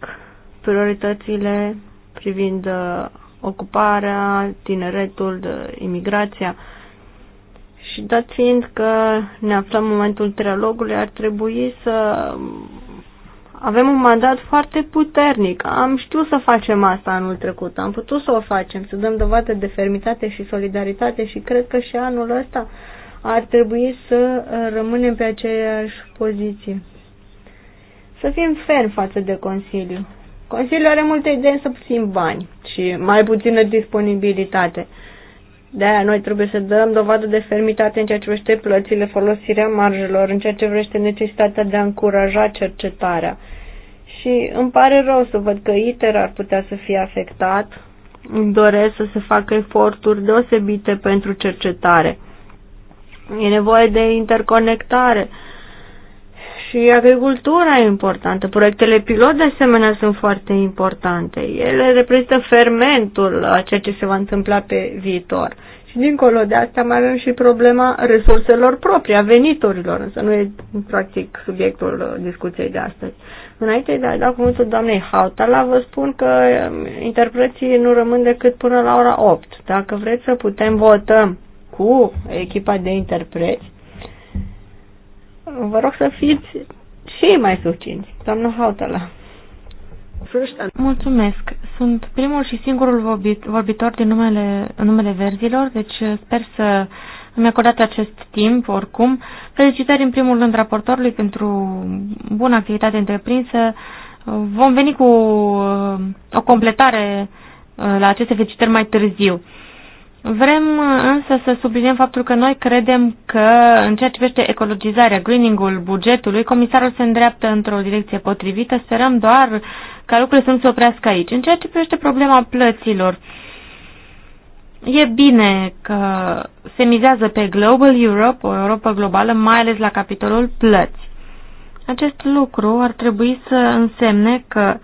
Speaker 2: prioritățile privind uh, ocuparea, tineretul, imigrația. Și dat fiind că ne aflăm în momentul trialogului, ar trebui să avem un mandat foarte puternic. Am știut să facem asta anul trecut, am putut să o facem, să dăm dovadă de fermitate și solidaritate și cred că și anul ăsta ar trebui să uh, rămânem pe aceeași poziție să fim ferm față de Consiliu. Consiliul are multe idei, să puțin bani și mai puțină disponibilitate. De aia noi trebuie să dăm dovadă de fermitate în ceea ce vrește plățile, folosirea marjelor, în ceea ce vrește necesitatea de a încuraja cercetarea. Și îmi pare rău să văd că ITER ar putea să fie afectat. Îmi doresc să se facă eforturi deosebite pentru cercetare. E nevoie de interconectare și agricultura e importantă. Proiectele pilot, de asemenea, sunt foarte importante. Ele reprezintă fermentul a ceea ce se va întâmpla pe viitor. Și dincolo de asta mai avem și problema resurselor proprii, a veniturilor, însă nu e practic subiectul discuției de astăzi. Înainte de a da cuvântul doamnei Hautala, vă spun că um, interpreții nu rămân decât până la ora 8. Dacă vreți să putem votăm cu echipa de interpreți, vă rog să fiți și mai succinți. Doamna Hautala. Mulțumesc. Sunt primul și singurul vorbitor din numele, numele verzilor, deci uh, sper să îmi acordați acest timp, oricum. Felicitări în primul rând raportorului pentru bună activitate întreprinsă. Vom veni cu uh, o completare uh, la aceste felicitări mai târziu. Vrem însă să subliniem faptul că noi credem că în ceea ce privește ecologizarea, greening-ul bugetului, comisarul se îndreaptă într-o direcție potrivită. Sperăm doar ca lucrurile să nu se oprească aici. În ceea ce privește problema plăților, e bine că se mizează pe Global Europe, o Europa globală, mai ales la capitolul plăți. Acest lucru ar trebui să însemne că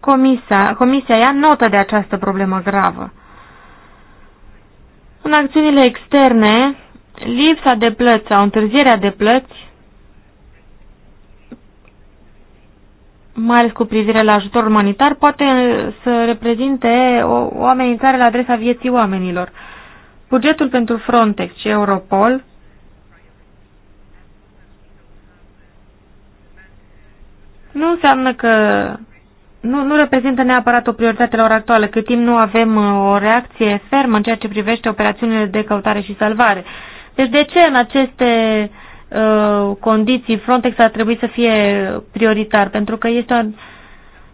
Speaker 2: comisia, comisia ia notă de această problemă gravă. În acțiunile externe, lipsa de plăți sau întârzierea de plăți, mai ales cu privire la ajutor umanitar, poate uh, să reprezinte o, o amenințare la adresa vieții oamenilor. Bugetul pentru Frontex și Europol nu înseamnă că nu, nu reprezintă neapărat o prioritate la ora actuală, cât timp nu avem uh, o reacție fermă în ceea ce privește operațiunile de căutare și salvare. Deci de ce în aceste uh, condiții Frontex ar trebui să fie prioritar? Pentru că este o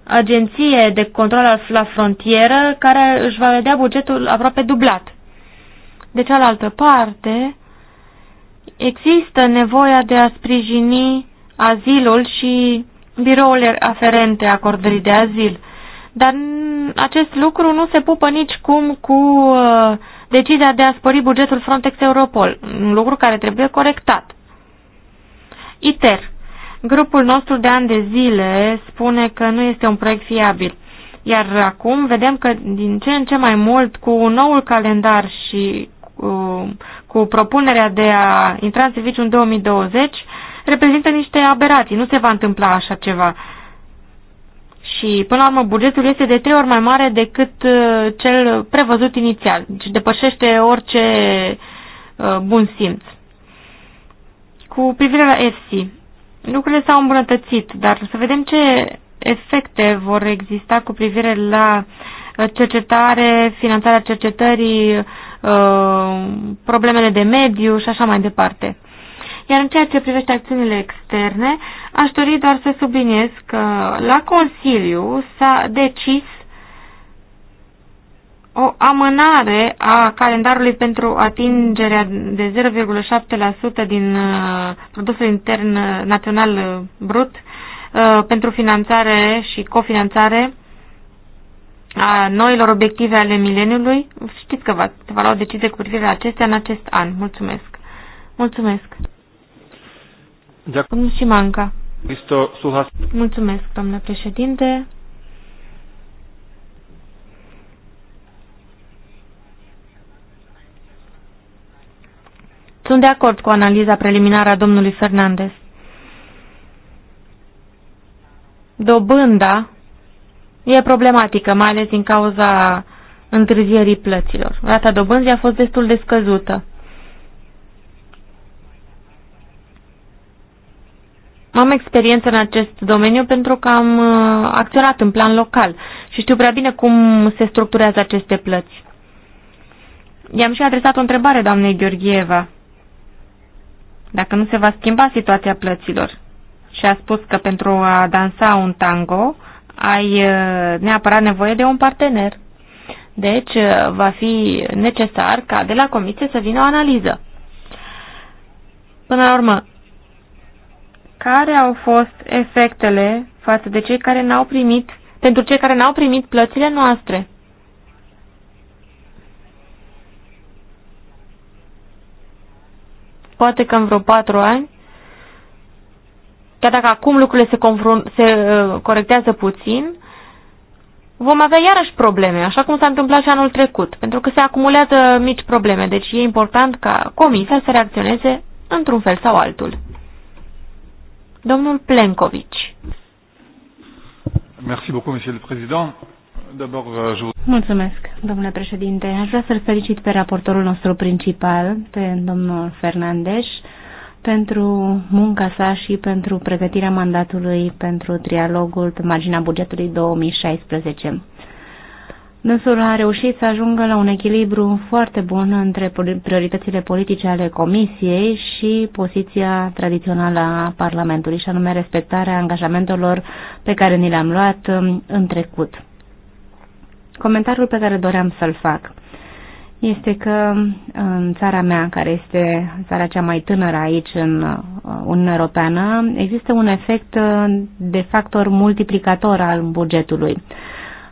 Speaker 2: agenție de control la frontieră care își va vedea bugetul aproape dublat. De cealaltă parte, există nevoia de a sprijini azilul și birourile aferente acordării de azil. Dar acest lucru nu se pupă nici cum cu uh, decizia de a spori bugetul Frontex Europol, un lucru care trebuie corectat. ITER. Grupul nostru de ani de zile spune că nu este un proiect fiabil. Iar acum vedem că din ce în ce mai mult cu noul calendar și cu, uh, cu propunerea de a intra în serviciu în 2020, reprezintă niște aberații. Nu se va întâmpla așa ceva. Și, până la urmă, bugetul este de trei ori mai mare decât uh, cel prevăzut inițial. Deci depășește orice uh, bun simț. Cu privire la FC, lucrurile s-au îmbunătățit, dar să vedem ce efecte vor exista cu privire la uh, cercetare, finanțarea cercetării, uh, problemele de mediu și așa mai departe. Iar în ceea ce privește acțiunile externe, aș dori doar să subliniez că la Consiliu s-a decis o amânare a calendarului pentru atingerea de 0,7% din uh, produsul intern uh, național uh, brut pentru finanțare și cofinanțare a noilor obiective ale mileniului. Știți că va, va lua decizie cu privire la acestea în acest an. Mulțumesc! Mulțumesc! Domnul Simanca. Mulțumesc, domnule președinte. Sunt de acord cu analiza preliminară a domnului Fernandez. Dobânda e problematică, mai ales din cauza întârzierii plăților. Rata dobânzii a fost destul de scăzută. am experiență în acest domeniu pentru că am uh, acționat în plan local și știu prea bine cum se structurează aceste plăți. I-am și adresat o întrebare doamnei Gheorgheva. Dacă nu se va schimba situația plăților. Și a spus că pentru a dansa un tango ai uh, neapărat nevoie de un partener. Deci uh, va fi necesar ca de la comisie să vină o analiză. Până la urmă, care au fost efectele față de cei care n-au primit, pentru cei care n-au primit plățile noastre. Poate că în vreo patru ani, chiar dacă acum lucrurile se, se uh, corectează puțin, vom avea iarăși probleme, așa cum s-a întâmplat și anul trecut, pentru că se acumulează mici probleme, deci e important ca comisia să reacționeze într-un fel sau altul. Domnul Plencovici.
Speaker 1: Merci beaucoup, monsieur le président. Euh,
Speaker 3: Mulțumesc, domnule președinte. Aș vrea să-l felicit pe raportorul nostru principal, pe domnul Fernandes, pentru munca sa și pentru pregătirea mandatului pentru trialogul pe marginea bugetului 2016. Dânsul a reușit să ajungă la un echilibru foarte bun între prioritățile politice ale Comisiei și poziția tradițională a Parlamentului, și anume respectarea angajamentelor pe care ni le-am luat um, în trecut. Comentarul pe care doream să-l fac este că în um, țara mea, care este țara cea mai tânără aici în uh, Uniunea Europeană, există un efect uh, de factor multiplicator al bugetului.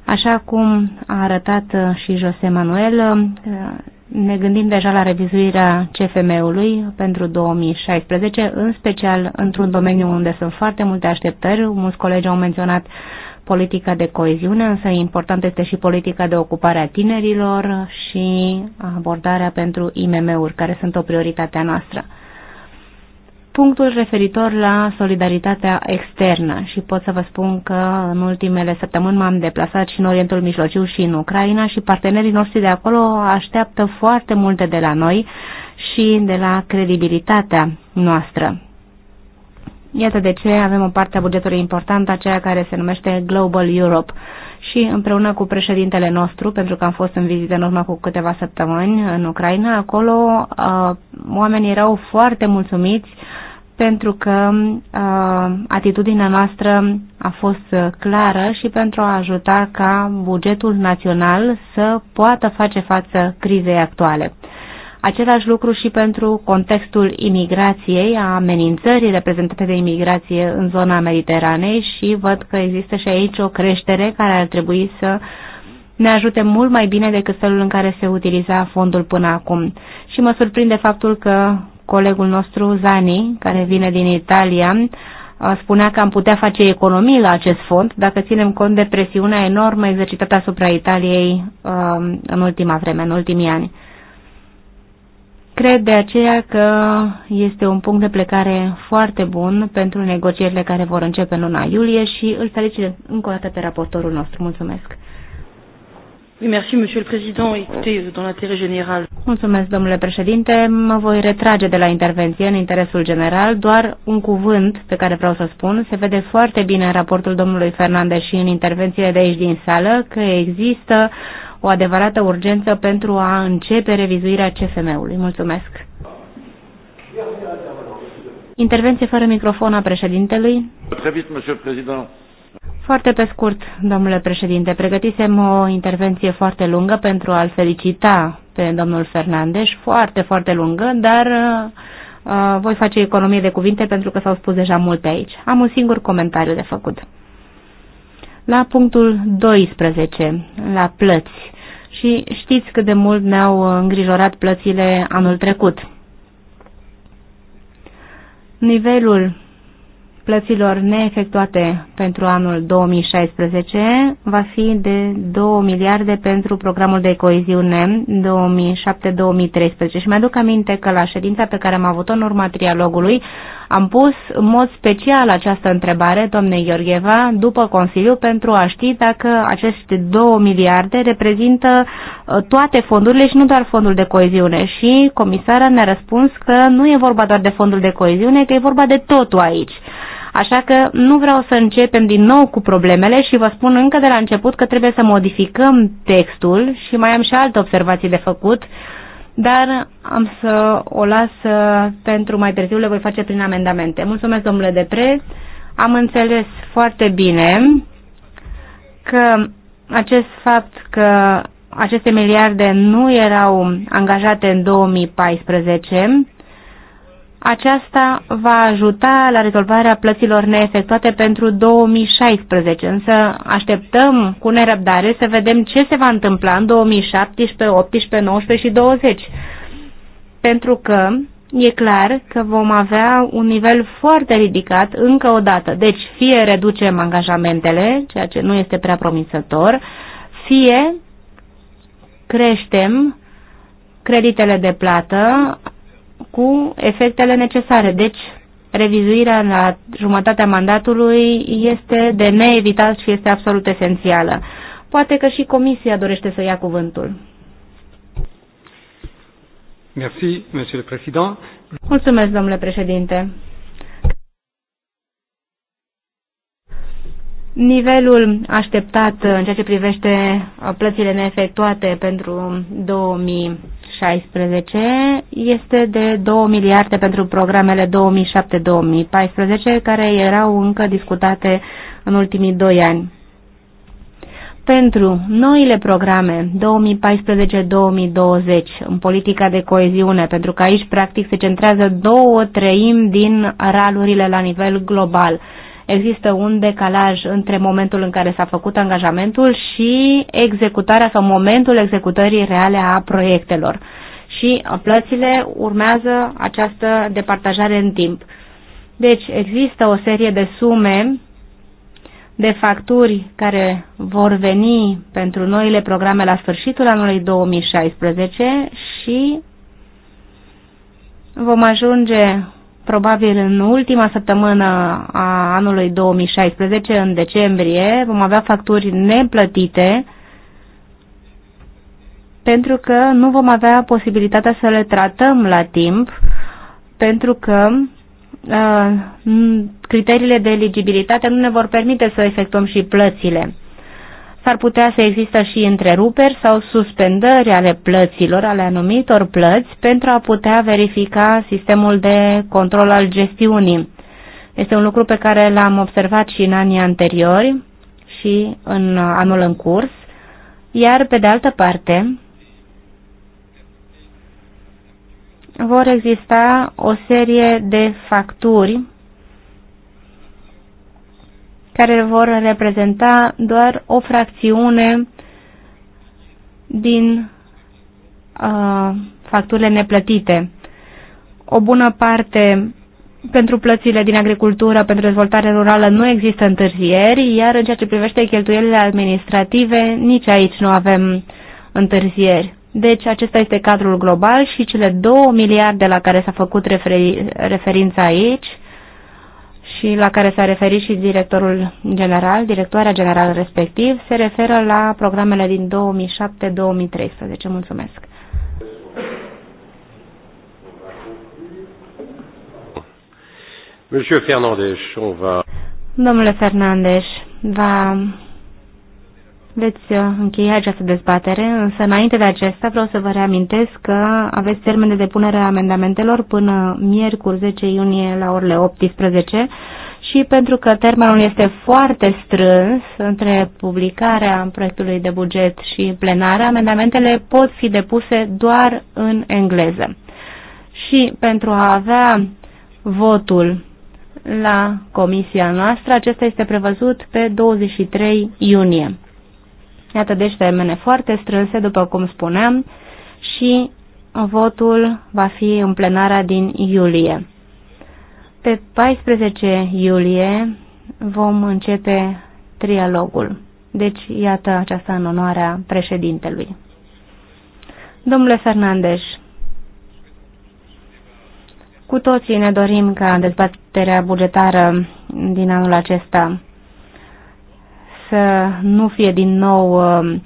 Speaker 3: Așa cum a arătat uh, și Jose Manuel, uh, ne gândim deja la revizuirea CFM-ului pentru 2016, în special într-un domeniu unde sunt foarte multe așteptări. Mulți colegi au menționat politica de coeziune, însă important este și politica de ocupare a tinerilor și abordarea pentru IMM-uri, care sunt o prioritate a noastră punctul referitor la solidaritatea externă și pot să vă spun că în ultimele săptămâni m-am deplasat și în Orientul Mijlociu și în Ucraina și partenerii noștri de acolo așteaptă foarte multe de la noi și de la credibilitatea noastră. Iată de ce avem o parte a bugetului importantă, aceea care se numește Global Europe și împreună cu președintele nostru, pentru că am fost în vizită în urmă cu câteva săptămâni în Ucraina, acolo uh, oamenii erau foarte mulțumiți pentru că uh, atitudinea noastră a fost uh, clară și pentru a ajuta ca bugetul național să poată face față crizei actuale. Același lucru și pentru contextul imigrației, a amenințării reprezentate de imigrație în zona Mediteranei și văd că există și aici o creștere care ar trebui să ne ajute mult mai bine decât felul în care se utiliza fondul până acum. Și mă surprinde faptul că colegul nostru, Zani, care vine din Italia, spunea că am putea face economii la acest fond dacă ținem cont de presiunea enormă exercitată asupra Italiei um, în ultima vreme, în ultimii ani. Cred de aceea că este un punct de plecare foarte bun pentru negocierile care vor începe în luna iulie și îl felicit încă o dată pe raportorul nostru. Mulțumesc!
Speaker 2: Merci, Monsieur le Président. Écoutez, dans l'intérêt général.
Speaker 3: Mulțumesc, domnule președinte. Mă voi retrage de la intervenție în interesul general. Doar un cuvânt pe care vreau să spun. Se vede foarte bine în raportul domnului Fernandez și în intervențiile de aici din sală că există uh, o adevărată urgență pentru a începe revizuirea CFM-ului. Mulțumesc! Intervenție fără microfon a președintelui. Foarte pe scurt, domnule președinte, pregătisem o intervenție foarte lungă pentru a-l felicita pe domnul Fernandes, foarte, foarte lungă, dar uh, uh voi face economie de cuvinte pentru că s-au spus deja multe aici. Am un singur comentariu de făcut. La punctul 12, la plăți, și știți cât de mult ne-au uh, îngrijorat plățile anul trecut. Nivelul plăților neefectuate pentru anul 2016 va fi de 2 miliarde pentru programul de coeziune 2007-2013. Și mi-aduc aminte că la ședința pe care am avut-o în urma trialogului am pus în mod special această întrebare, domnule Gheorgheva, după Consiliu, pentru a ști dacă aceste 2 miliarde reprezintă uh, toate fondurile și nu doar fondul de coeziune. Și comisara ne-a răspuns că nu e vorba doar de fondul de coeziune, că e vorba de totul aici. Așa că nu vreau să începem din nou cu problemele și vă spun încă de la început că trebuie să modificăm textul și mai am și alte observații de făcut, dar am să o las uh, pentru mai târziu, le voi face prin amendamente. Mulțumesc, domnule Depre. Am înțeles foarte bine că acest fapt că aceste miliarde nu erau angajate în 2014 aceasta va ajuta la rezolvarea plăților neefectuate pentru 2016, însă așteptăm cu nerăbdare să vedem ce se va întâmpla în 2017, 18, 19 și 20. Pentru că e clar că vom avea un nivel foarte ridicat încă o dată. Deci fie reducem angajamentele, ceea ce nu este prea promițător, fie creștem creditele de plată, cu efectele necesare. Deci, revizuirea la jumătatea mandatului este de neevitat și este absolut esențială. Poate că și Comisia dorește să ia cuvântul.
Speaker 1: Merci, Monsieur le Président.
Speaker 3: Mulțumesc, domnule președinte. Nivelul așteptat în ceea ce privește plățile neefectuate pentru 2000 2016 este de 2 miliarde pentru programele 2007-2014, care erau încă discutate în ultimii doi ani. Pentru noile programe 2014-2020 în politica de coeziune, pentru că aici practic se centrează două treimi din ralurile la nivel global, există un decalaj între momentul în care s-a făcut angajamentul și executarea sau momentul executării reale a proiectelor. Și plățile urmează această departajare în timp. Deci există o serie de sume de facturi care vor veni pentru noile programe la sfârșitul anului 2016 și vom ajunge probabil în ultima săptămână a anului 2016, în decembrie, vom avea facturi neplătite pentru că nu vom avea posibilitatea să le tratăm la timp, pentru că uh, criteriile de eligibilitate nu ne vor permite să efectuăm și plățile s-ar putea să există și întreruperi sau suspendări ale plăților, ale anumitor plăți, pentru a putea verifica sistemul de control al gestiunii. Este un lucru pe care l-am observat și în anii anteriori și în anul în curs, iar pe de altă parte vor exista o serie de facturi care vor reprezenta doar o fracțiune din uh, facturile neplătite. O bună parte pentru plățile din agricultură, pentru dezvoltare rurală nu există întârzieri, iar în ceea ce privește cheltuielile administrative, nici aici nu avem întârzieri. Deci acesta este cadrul global și cele 2 miliarde la care s-a făcut referi referința aici și la care s-a referit și directorul general, directoarea generală respectiv, se referă la programele din 2007-2013. Mulțumesc!
Speaker 1: Monsieur Fernandez, on va...
Speaker 3: Domnule Fernandez, va veți uh, încheia această dezbatere, însă înainte de acesta vreau să vă reamintesc că aveți termen de depunere a amendamentelor până miercuri 10 iunie la orele 18 și pentru că termenul este foarte strâns între publicarea proiectului de buget și plenarea, amendamentele pot fi depuse doar în engleză. Și pentru a avea votul la comisia noastră, acesta este prevăzut pe 23 iunie. Iată deci termene foarte strânse, după cum spuneam, și votul va fi în plenarea din iulie. Pe 14 iulie vom începe trialogul. Deci, iată aceasta în onoarea președintelui. Domnule Fernandez, cu toții ne dorim ca dezbaterea bugetară din anul acesta să nu fie din nou um,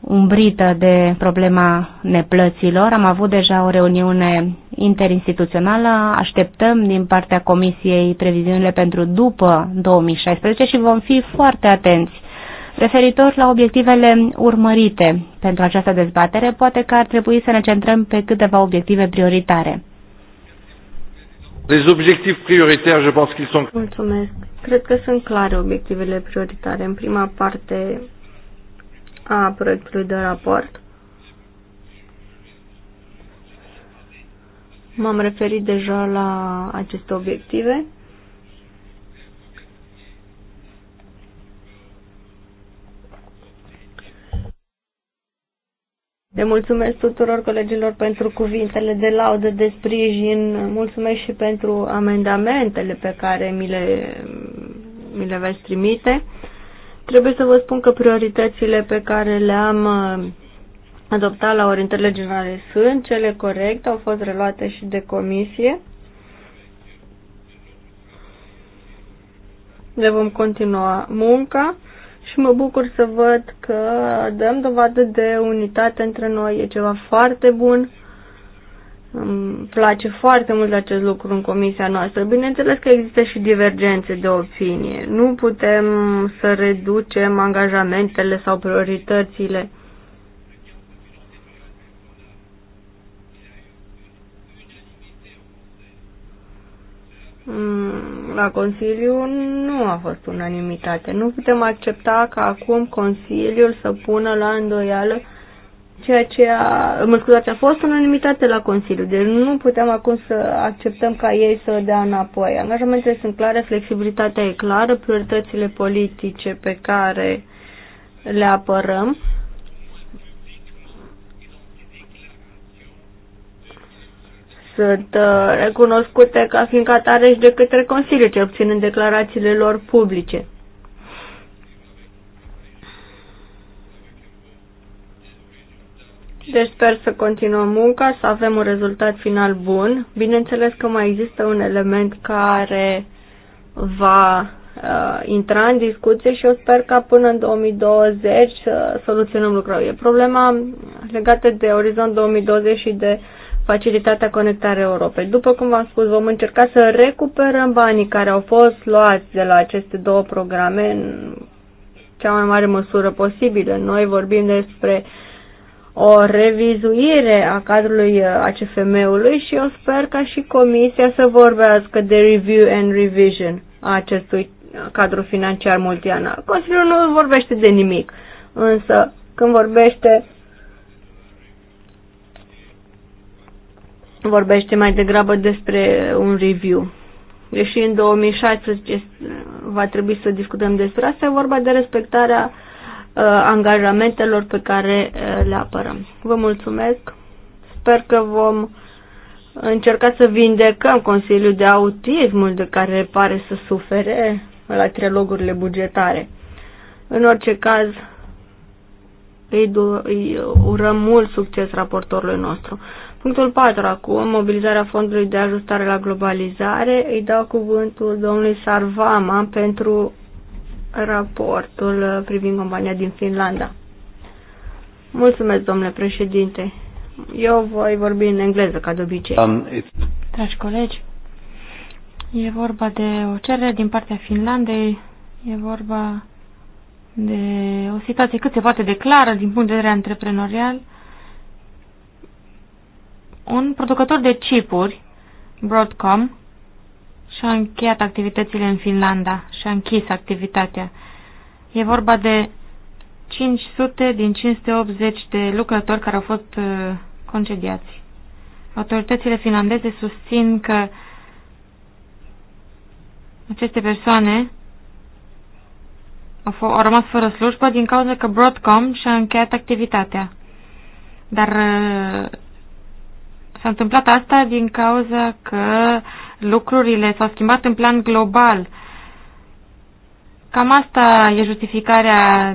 Speaker 3: umbrită de problema neplăților. Am avut deja o reuniune interinstituțională, așteptăm din partea Comisiei previziunile pentru după 2016 și vom fi foarte atenți. Referitor la obiectivele urmărite pentru această dezbatere, poate că ar trebui să ne centrăm pe câteva obiective prioritare.
Speaker 1: Les objectifs prioritaires, je pense qu'ils sont...
Speaker 3: Mulțumesc. Cred că sunt clare obiectivele
Speaker 2: prioritare. În prima parte a proiectului de raport, m-am referit deja la aceste obiective. Le mulțumesc tuturor colegilor pentru cuvintele de laudă, de sprijin, mulțumesc și pentru amendamentele pe care mi le, mi le veți trimite. Trebuie să vă spun că prioritățile pe care le-am uh, adoptat la orientările generale sunt cele corecte, au fost reluate și de comisie. Le vom continua munca și mă bucur să văd că dăm dovadă de unitate între noi. E ceva foarte bun. Îmi place foarte mult acest lucru în comisia noastră. Bineînțeles că există și divergențe de opinie. Nu putem să reducem angajamentele sau prioritățile la Consiliu nu a fost unanimitate. Nu putem accepta ca acum Consiliul să pună la îndoială ceea ce a, mă scuzați, a fost unanimitate la Consiliu, deci nu putem acum să acceptăm ca ei să dea înapoi. Angajamentele sunt clare, flexibilitatea e clară, prioritățile politice pe care le apărăm sunt uh, recunoscute ca fiind catare și de către Consiliu, cel puțin în declarațiile lor publice. Deci sper să continuăm munca, să avem un rezultat final bun. Bineînțeles că mai există un element care va uh, intra în discuție și eu sper ca până în 2020 să soluționăm lucrurile. E problema legată de Orizont 2020 și de uh, facilitatea conectare Europei. După cum v-am spus, vom încerca să recuperăm banii care au fost luați de la aceste două programe în cea mai mare măsură posibilă. Noi vorbim despre o revizuire a cadrului uh, ACFM-ului și eu sper ca și Comisia să vorbească de review and revision a acestui cadru financiar multianual. Consiliul nu vorbește de nimic, însă când vorbește vorbește mai degrabă despre un review. Deși în 2016 va trebui să discutăm despre asta, e vorba de respectarea uh, angajamentelor pe care uh, le apărăm. Vă mulțumesc! Sper că vom încerca să vindecăm Consiliul de Autismul de care pare să sufere la trilogurile bugetare. În orice caz, îi, îi urăm mult succes raportorului nostru. Punctul 4 acum, mobilizarea fondului de ajustare la globalizare. Îi dau cuvântul domnului Sarvama pentru raportul privind compania din Finlanda. Mulțumesc, domnule președinte. Eu voi vorbi în engleză, ca de obicei. Um, Dragi colegi, e vorba de o cerere din partea Finlandei, e vorba de o situație cât se poate de clară din punct de vedere antreprenorial, un producător de chipuri, Broadcom, și-a încheiat activitățile în Finlanda și-a închis activitatea. E vorba de 500 din 580 de lucrători care au fost uh, concediați. Autoritățile finlandeze susțin că aceste persoane au, au rămas fără slujbă din cauza că Broadcom și-a încheiat activitatea. Dar uh, S-a întâmplat asta din cauza că lucrurile s-au schimbat în plan global. Cam asta e justificarea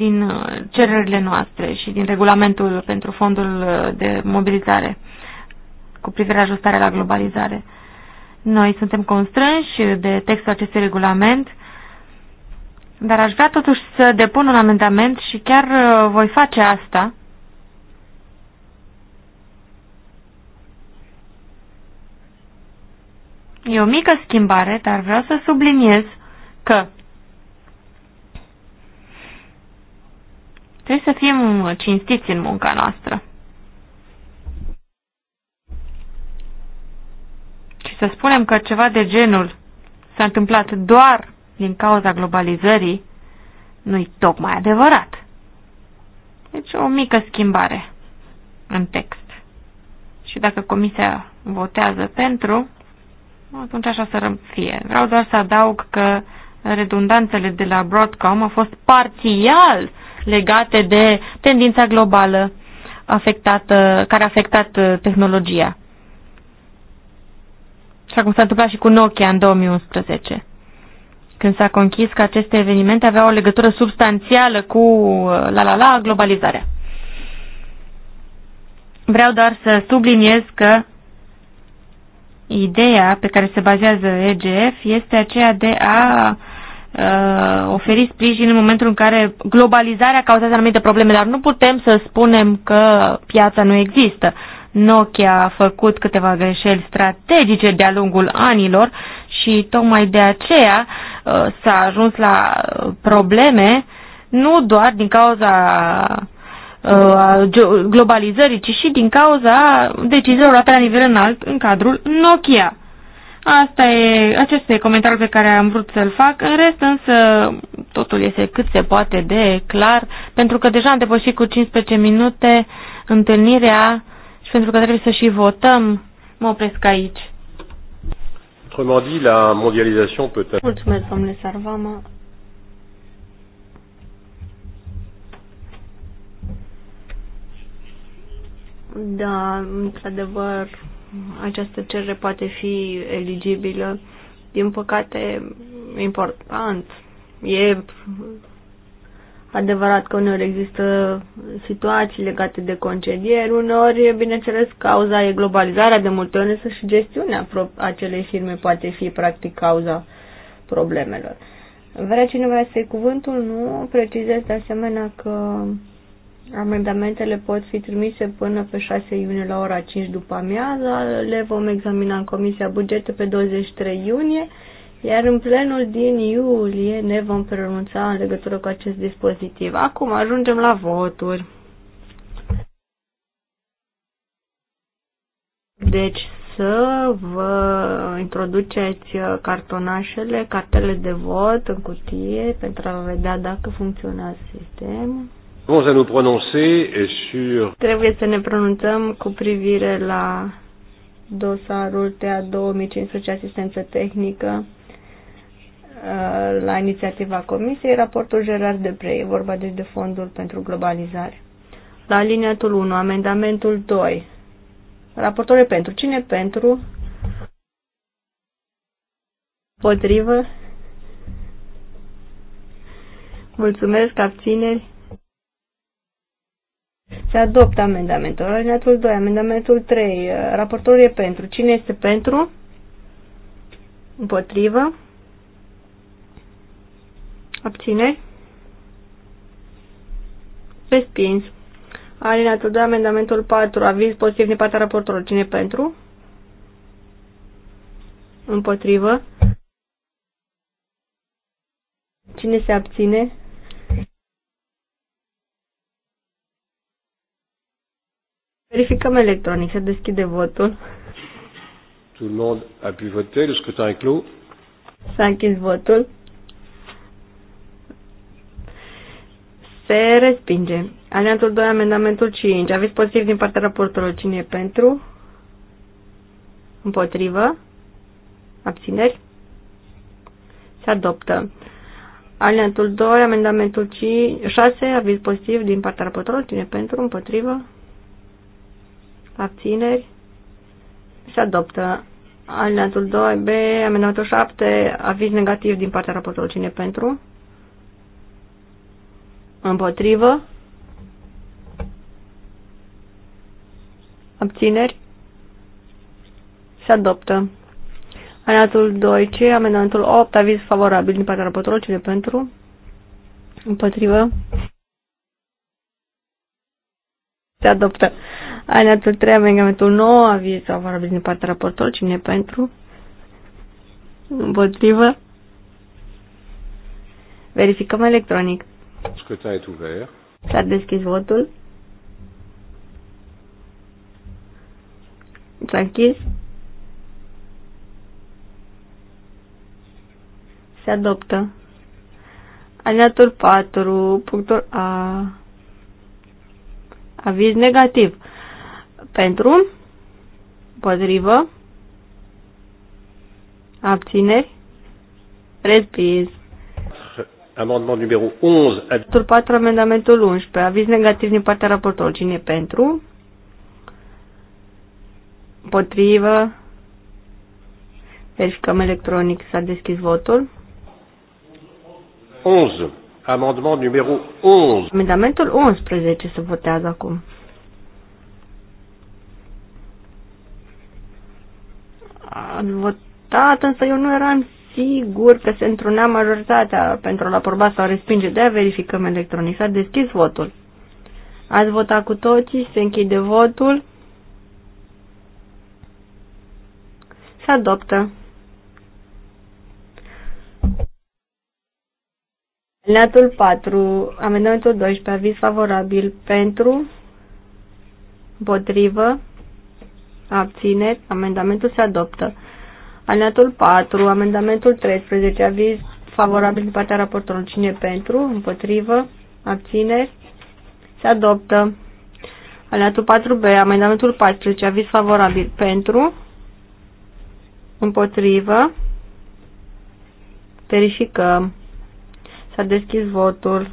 Speaker 2: din cererile noastre și din regulamentul pentru fondul de mobilizare cu privire la ajustarea la globalizare. Noi suntem constrânși de textul acestui regulament, dar aș vrea totuși să depun un amendament și chiar uh, voi face asta E o mică schimbare, dar vreau să subliniez că trebuie să fim cinstiți în munca noastră. Și să spunem că ceva de genul s-a întâmplat doar din cauza globalizării, nu-i tocmai adevărat. Deci o mică schimbare în text. Și dacă comisia votează pentru, atunci așa să fie. Vreau doar să adaug că redundanțele de la Broadcom au fost parțial legate de tendința globală afectată, care a afectat uh, tehnologia. Și acum s-a întâmplat și cu Nokia în 2011, când s-a conchis că aceste evenimente aveau o legătură substanțială cu uh, la la la globalizarea. Vreau doar să subliniez că ideea pe care se bazează EGF este aceea de a uh, oferi sprijin în momentul în care globalizarea cauzează anumite probleme, dar nu putem să spunem că piața nu există. Nokia a făcut câteva greșeli strategice de-a lungul anilor și tocmai de aceea uh, s-a ajuns la uh, probleme nu doar din cauza Uh, globalizării, ci și din cauza deciziilor luate la nivel înalt în cadrul Nokia. Asta e, acesta e comentariul pe care am vrut să-l fac. În rest, însă, totul este cât se poate de clar, pentru că deja am depășit cu 15 minute întâlnirea și pentru că trebuie să și votăm, mă opresc aici.
Speaker 1: Autrement dit, la mondialisation peut-être. Mulțumesc,
Speaker 2: domnule Sarvama. Da, într-adevăr, această cerere poate fi eligibilă. Din păcate, important. E adevărat că uneori există situații legate de concedieri, uneori, bineînțeles, cauza e globalizarea, de multe ori însă și gestiunea acelei firme poate fi practic cauza problemelor. Vrea cineva să-i cuvântul? Nu. Precizez de asemenea că Amendamentele pot fi trimise până pe 6 iunie la ora 5 după amiază. Le vom examina în Comisia Bugete pe 23 iunie, iar în plenul din iulie ne vom pronunța în legătură cu acest dispozitiv. Acum ajungem la voturi. Deci să vă introduceți cartonașele, cartele de vot în cutie pentru a vedea dacă funcționează sistemul
Speaker 1: avons à nous prononcer sur...
Speaker 2: Trebuie să ne pronunțăm cu privire la dosarul TEA 2015 asistență tehnică uh, la inițiativa Comisiei, raportul Gerard de Prey, vorba deci de fondul pentru globalizare. La aliniatul 1, amendamentul 2, raportul pentru cine? Pentru? Potrivă? Mulțumesc, abțineri. Se adoptă amendamentul. Alineatul 2, amendamentul 3. Raportorul e pentru. Cine este pentru? Împotrivă. Abțineri. Respins. Alineatul 2, amendamentul 4. Aviz pozitiv din partea raportorului. Cine pentru? Împotrivă. Cine se abține? Verificăm electronic, se deschide votul.
Speaker 1: Tout le monde a pu voter, le scrutin est clos.
Speaker 2: S-a închis votul. Se respinge. Aliantul 2, amendamentul 5. Aveți pozitiv din partea raportului. Cine e pentru? Împotrivă? Abțineri? Se adoptă. Aliantul 2, amendamentul 5, 6, aviz pozitiv din partea raportului. cine e pentru, împotrivă, abțineri, se adoptă. Alineatul 2, B, amendamentul 7, aviz negativ din partea raportorului cine pentru? Împotrivă? Abțineri? Se adoptă. Alineatul 2, C, amendamentul 8, aviz favorabil din partea raportorului cine pentru? Împotrivă? Se adoptă. Aliatul 3, amendamentul 9, sau favorabil din partea raportorului. Cine pentru? Împotrivă? Verificăm electronic.
Speaker 1: Scrutin est ouvert.
Speaker 2: S-a deschis votul. S-a închis. Se adoptă. Aliatul 4, punctul A. Aviz negativ. Pentru. Împotrivă. Abțineri. Respins.
Speaker 1: Amendement numărul 11. Tul
Speaker 2: 4, amendamentul 11. Aviz negativ din partea raportorului. Cine e pentru? Împotrivă. Verificăm electronic. S-a deschis votul.
Speaker 1: 11. Amendement numărul 11.
Speaker 2: Amendamentul 11 se votează acum. am votat, însă eu nu eram sigur că se întrunea majoritatea pentru a-l aproba sau respinge. De-aia verificăm electronic. S-a deschis votul. Ați votat cu toții, se închide votul. Se adoptă. Alineatul 4, amendamentul 12, aviz favorabil pentru, împotrivă, abțineri, amendamentul se adoptă. Alineatul 4, amendamentul 13, aviz favorabil din partea raportorului. Cine pentru? Împotrivă? Abțineri? Se adoptă. Alineatul 4B, amendamentul 14, aviz favorabil pentru? Împotrivă? Verificăm. S-a deschis votul.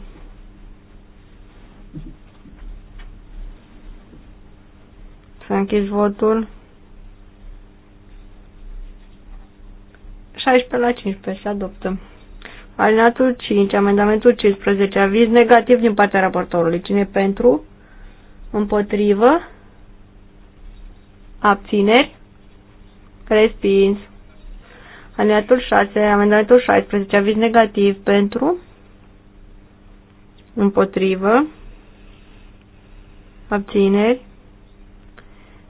Speaker 2: Să a închis votul. 16 la 15 se adoptă. Alinatul 5, amendamentul 15, aviz negativ din partea raportorului. Cine pentru? Împotrivă? Abțineri? Respins. Alinatul 6, amendamentul 16, aviz negativ pentru? Împotrivă? Abțineri?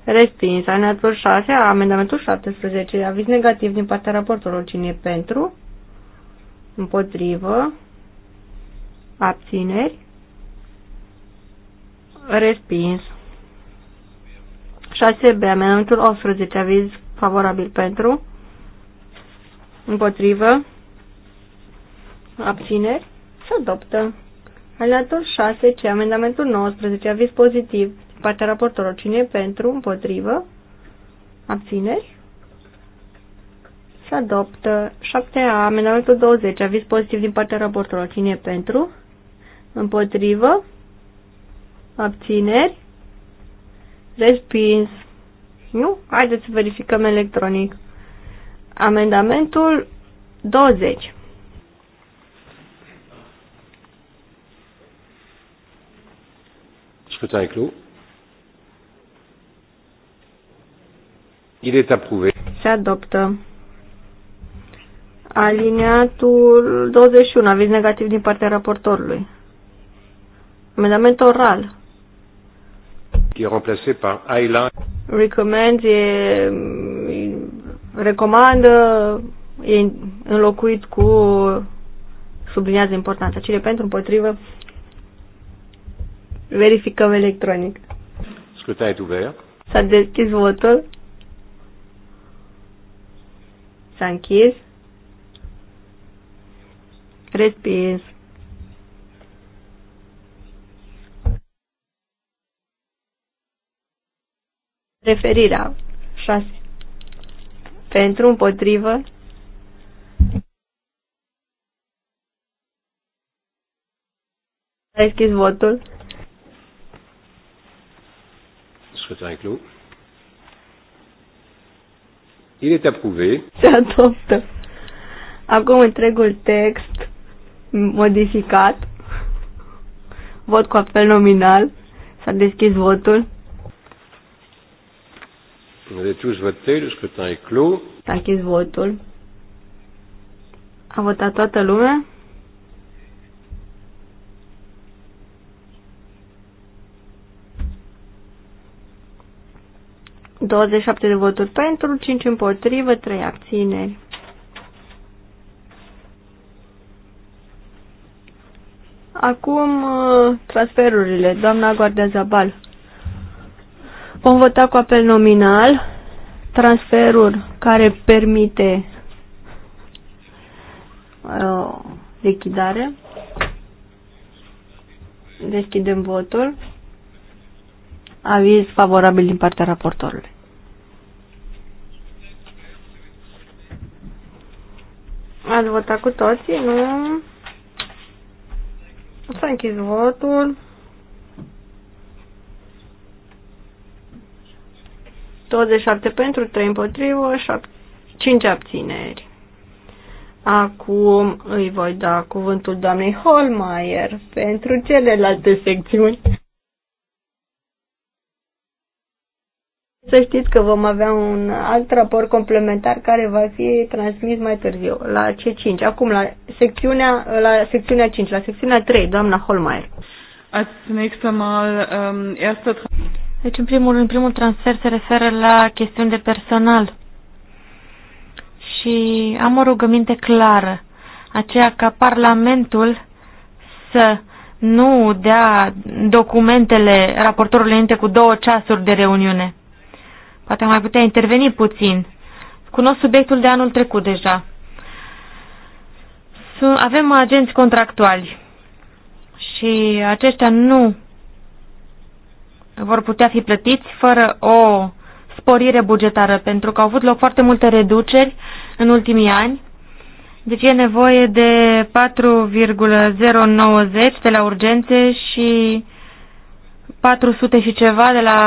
Speaker 2: Respins. Alineatul 6, amendamentul 17, aviz negativ din partea raportorului. Cine e pentru? Împotrivă. Abțineri. Respins. 6B, amendamentul 18, aviz favorabil pentru. Împotrivă. Abțineri. Se adoptă. Alineatul 6, C, amendamentul 19, aviz pozitiv partea raportorului. Cine pentru, împotrivă, abțineri? Se adoptă 7A, amendamentul 20, aviz pozitiv din partea raportorului. Cine pentru, împotrivă, abțineri? Respins. Nu? Haideți să verificăm electronic. Amendamentul 20.
Speaker 1: Scrutin clos. Il est approuvé.
Speaker 2: Se adoptă. Alineatul 21. Aviz negativ din partea raportorului. Amendament oral.
Speaker 1: Qui est remplacé par Ayla.
Speaker 2: Recommend, e, recomandă e înlocuit cu subliniază importanța. Cine pentru împotrivă verificăm electronic.
Speaker 1: Scrutin est ouvert.
Speaker 2: S-a deschis votul. S-a închis. Respins. Referirea 6. Pentru împotrivă. Ai a deschis votul.
Speaker 1: Scrutin clos. Il est approuvé.
Speaker 2: Se adoptă. Acum întregul text modificat. Vot cu apel nominal. S-a deschis votul.
Speaker 1: Vous avez tous voté, le scrutin est clos.
Speaker 2: S-a deschis votul. A votat toată lumea? 27 de voturi pentru, 5 împotrivă, 3 abțineri. Acum uh, transferurile. Doamna Guardia Zabal. Vom vota cu apel nominal transferul care permite uh, lichidare. Deschidem votul aviz favorabil din partea raportorului. Ați votat cu toții, nu? S-a închis votul. șapte pentru, trei împotrivă, 7, abțineri. Acum îi voi da cuvântul doamnei Holmeier pentru celelalte secțiuni. Să știți că vom avea un alt raport complementar care va fi transmis mai târziu, la C5. Acum, la secțiunea, la secțiunea 5, la secțiunea 3, doamna Holmeier. Um, deci, în primul în primul transfer se referă la chestiuni de personal. Și am o rugăminte clară, aceea ca Parlamentul să nu dea documentele raportorului înainte cu două ceasuri de reuniune. Poate mai putea interveni puțin. Cunosc subiectul de anul trecut deja. Avem agenți contractuali și aceștia nu vor putea fi plătiți fără o sporire bugetară, pentru că au avut loc foarte multe reduceri în ultimii ani. Deci e nevoie de 4,090 de la urgențe și 400 și ceva de la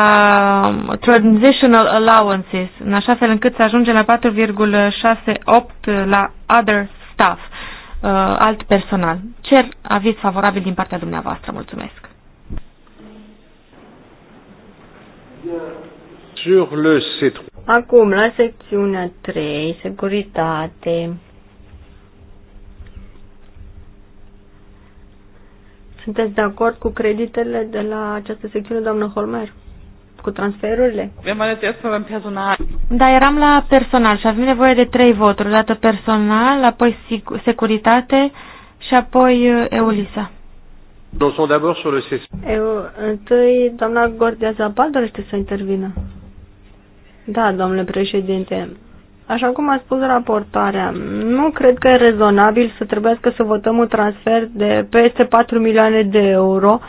Speaker 2: um, Transitional Allowances, în așa fel încât să ajungem la 4,68 la Other Staff, uh, alt personal. Cer aviz favorabil din partea dumneavoastră. Mulțumesc. Acum, la secțiunea 3, securitate. Sunteți de acord cu creditele de la această secțiune, doamnă Holmer? Cu transferurile? Da, eram la personal și avem nevoie de trei voturi. dată personal, apoi securitate și apoi uh, Eulisa. Eu, întâi, doamna Gordia Zabal dorește să intervină. Da, domnule președinte, Așa cum a spus raportarea, nu cred că e rezonabil să trebuiască să votăm un transfer de peste 4 milioane de euro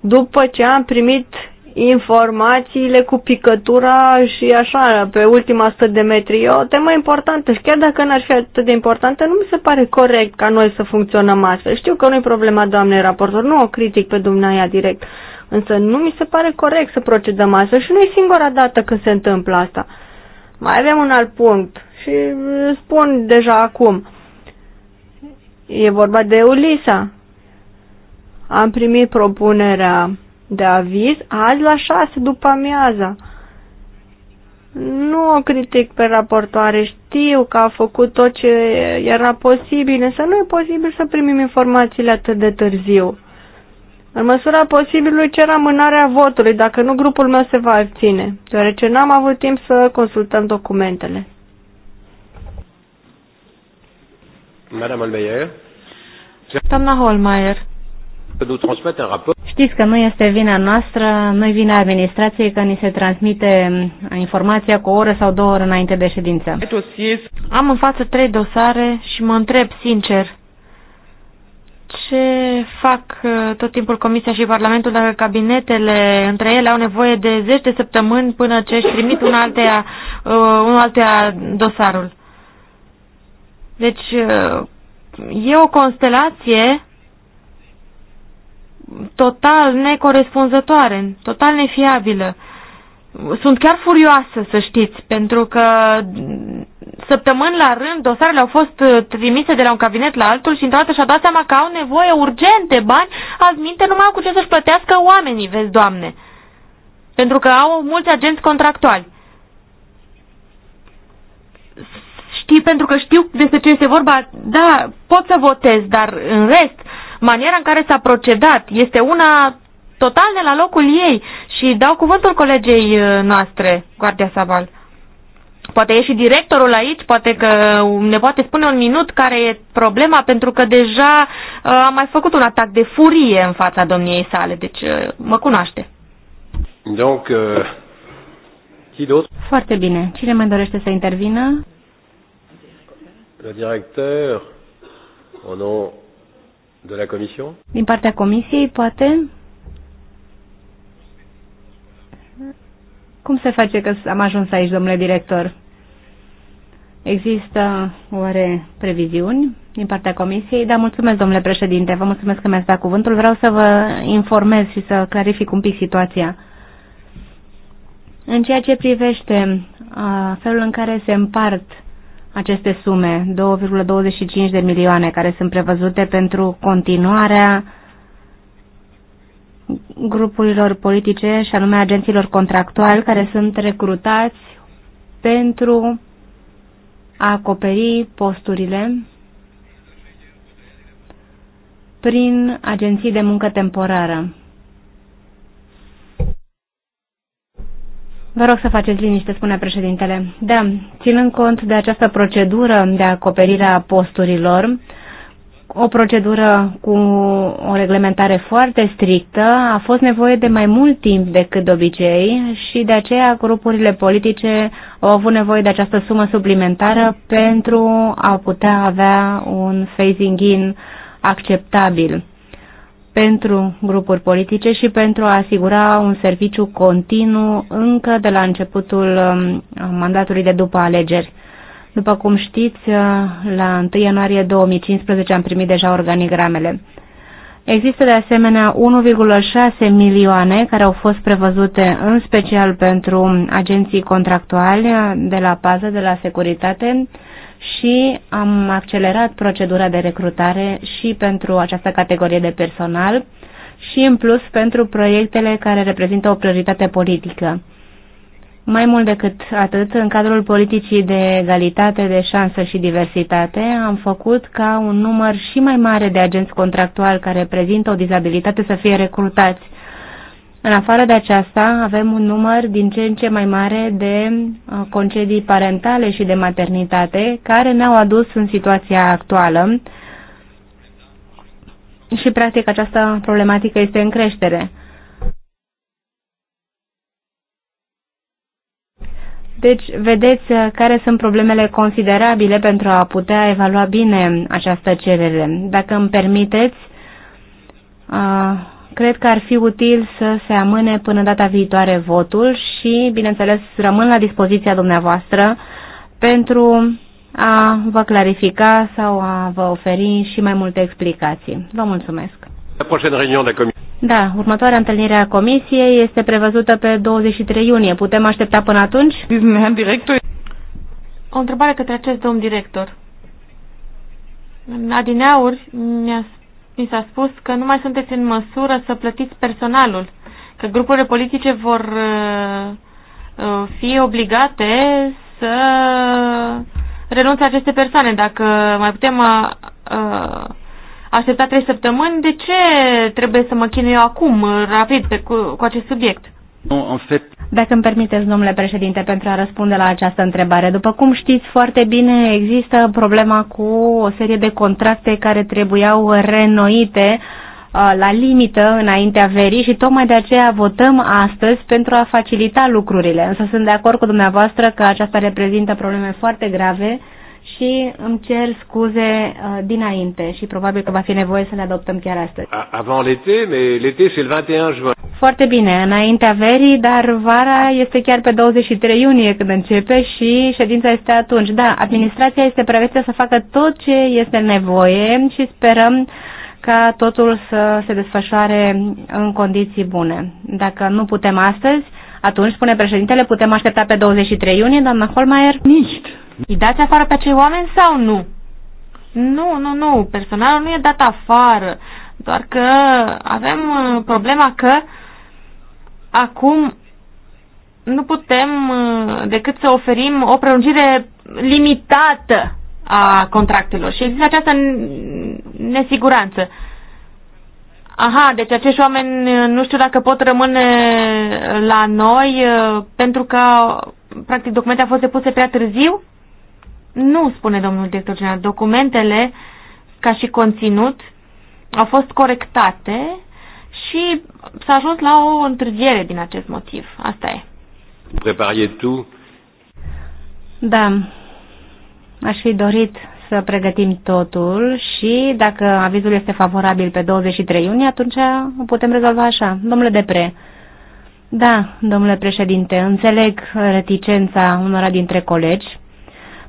Speaker 2: după ce am primit informațiile cu picătura și așa, pe ultima 100 de metri. E o temă importantă și chiar dacă n-ar fi atât de importantă, nu mi se pare corect ca noi să funcționăm astfel. Știu că nu e problema doamnei raportor, nu o critic pe dumneaia direct, însă nu mi se pare corect să procedăm astfel și nu e singura dată când se întâmplă asta. Mai avem un alt punct și spun deja acum. E vorba de Ulisa. Am primit propunerea de aviz azi la 6 după amiaza. Nu o critic pe raportoare, știu că a făcut tot ce era posibil, însă nu e posibil să primim informațiile atât de târziu. În măsura posibilului cer amânarea votului, dacă nu grupul meu se va abține, deoarece n-am avut timp să consultăm documentele.
Speaker 1: Madame Holmeyer.
Speaker 3: Doamna Holmeier. Știți că nu este vina noastră, nu e vina administrației că ni se transmite mm, informația cu o oră sau două ore înainte de ședință. Am în față trei dosare și mă întreb sincer,
Speaker 2: ce fac uh, tot timpul Comisia și Parlamentul dacă cabinetele între ele au nevoie de 10 de săptămâni până ce își trimit un altea, uh, un altea dosarul. Deci uh, e o constelație total necorespunzătoare, total nefiabilă. Sunt chiar furioasă, să știți, pentru că săptămâni la rând dosarele au fost uh, trimise de la un cabinet la altul și într-o dată și-a dat seama că au nevoie urgent de bani, azi minte numai cu ce să-și plătească oamenii, vezi, doamne. Pentru că au mulți agenți contractuali. Știi, pentru că știu despre ce este vorba, da, pot să votez, dar în rest, maniera în care s-a procedat este una total de la locul ei și dau cuvântul colegei uh, noastre, Guardia Sabal. Poate e și directorul aici, poate că ne poate spune un minut care e problema, pentru că deja uh, am mai
Speaker 3: făcut un atac de furie în fața domniei sale, deci uh, mă cunoaște.
Speaker 1: Donc, uh,
Speaker 3: Foarte bine. Cine mai dorește să intervină?
Speaker 1: Le directeur, au nom de la comisie?
Speaker 3: Din partea comisiei, poate? Cum se face că am ajuns aici, domnule director? Există oare previziuni din partea Comisiei? Da, mulțumesc, domnule președinte, vă mulțumesc că mi-ați dat cuvântul. Vreau să vă informez și să clarific un pic situația. În ceea ce privește a, felul în care se împart aceste sume, 2,25 de milioane care sunt prevăzute pentru continuarea grupurilor politice și anume agenților contractuali care sunt recrutați pentru a acoperi posturile prin agenții de muncă temporară. Vă rog să faceți liniște, spune președintele. Da, ținând cont de această procedură de acoperire a posturilor, o procedură cu o reglementare foarte strictă, a fost nevoie de mai mult timp decât de obicei și de aceea grupurile politice au avut nevoie de această sumă suplimentară pentru a putea avea un phasing in acceptabil pentru grupuri politice și pentru a asigura un serviciu continuu încă de la începutul um, mandatului de după alegeri. După cum știți, la 1 ianuarie 2015 am primit deja organigramele. Există de asemenea 1,6 milioane care au fost prevăzute în special pentru agenții contractuali de la pază, de la securitate și am accelerat procedura de recrutare și pentru această categorie de personal și în plus pentru proiectele care reprezintă o prioritate politică. Mai mult decât atât, în cadrul politicii de egalitate, de șansă și diversitate, am făcut ca un număr și mai mare de agenți contractuali care prezintă o dizabilitate să fie recrutați. În afară de aceasta, avem un număr din ce în ce mai mare de uh, concedii parentale și de maternitate care ne-au adus în situația actuală și, practic, această problematică este în creștere. Deci, vedeți uh, care sunt problemele considerabile pentru a putea evalua bine această cerere. Dacă îmi permiteți, uh, cred că ar fi util să se amâne până data viitoare votul și, bineînțeles, rămân la dispoziția dumneavoastră pentru a vă clarifica sau a vă oferi și mai multe explicații. Vă mulțumesc! Da, următoarea întâlnire a comisiei este prevăzută pe 23 iunie. Putem aștepta până atunci? O întrebare către acest domn director. Adineauri mi-a, mi a s a
Speaker 2: spus că nu mai sunteți în măsură să plătiți personalul, că grupurile politice vor uh, uh fi obligate să renunțe aceste persoane. Dacă mai putem uh, uh aștepta trei săptămâni, de ce trebuie să mă chinu eu acum, rapid, pe, cu, cu acest subiect?
Speaker 3: în fapt... Dacă îmi permiteți, domnule președinte, pentru a răspunde la această întrebare. După cum știți foarte bine, există problema cu o serie de contracte care trebuiau renoite uh, la limită înaintea verii și tocmai de aceea votăm astăzi pentru a facilita lucrurile. Însă sunt de acord cu dumneavoastră că aceasta reprezintă probleme foarte grave și îmi cer scuze uh, dinainte și probabil că va fi nevoie să ne adoptăm chiar astăzi.
Speaker 1: Avant l'été, mais l'été c'est le 21 juin.
Speaker 3: Foarte bine, înaintea verii, dar vara este chiar pe 23 iunie când începe și ședința este atunci. Da, administrația este pregătită să facă tot ce este nevoie și sperăm ca totul să se desfășoare în condiții bune. Dacă nu putem astăzi, atunci, spune președintele, putem aștepta pe 23 iunie, doamna Holmeier? Nici. Îi dați afară pe acei oameni sau nu? Nu, nu, nu, personalul nu e dat afară,
Speaker 2: doar că avem uh, problema că acum nu putem uh, decât să oferim o prelungire limitată a contractelor și există această nesiguranță. Aha, deci acești oameni uh, nu știu dacă pot rămâne la noi pentru că practic documentele au fost depuse prea târziu? Nu, spune domnul director general, documentele ca și conținut au fost corectate și s-a ajuns la o întârziere din acest motiv. Asta
Speaker 3: e.
Speaker 1: Prepariez tu?
Speaker 3: Da. Aș fi dorit să pregătim totul și dacă avizul este favorabil pe 23 iunie, atunci o putem rezolva așa. Domnule Depre, da, domnule președinte, înțeleg reticența unora dintre colegi,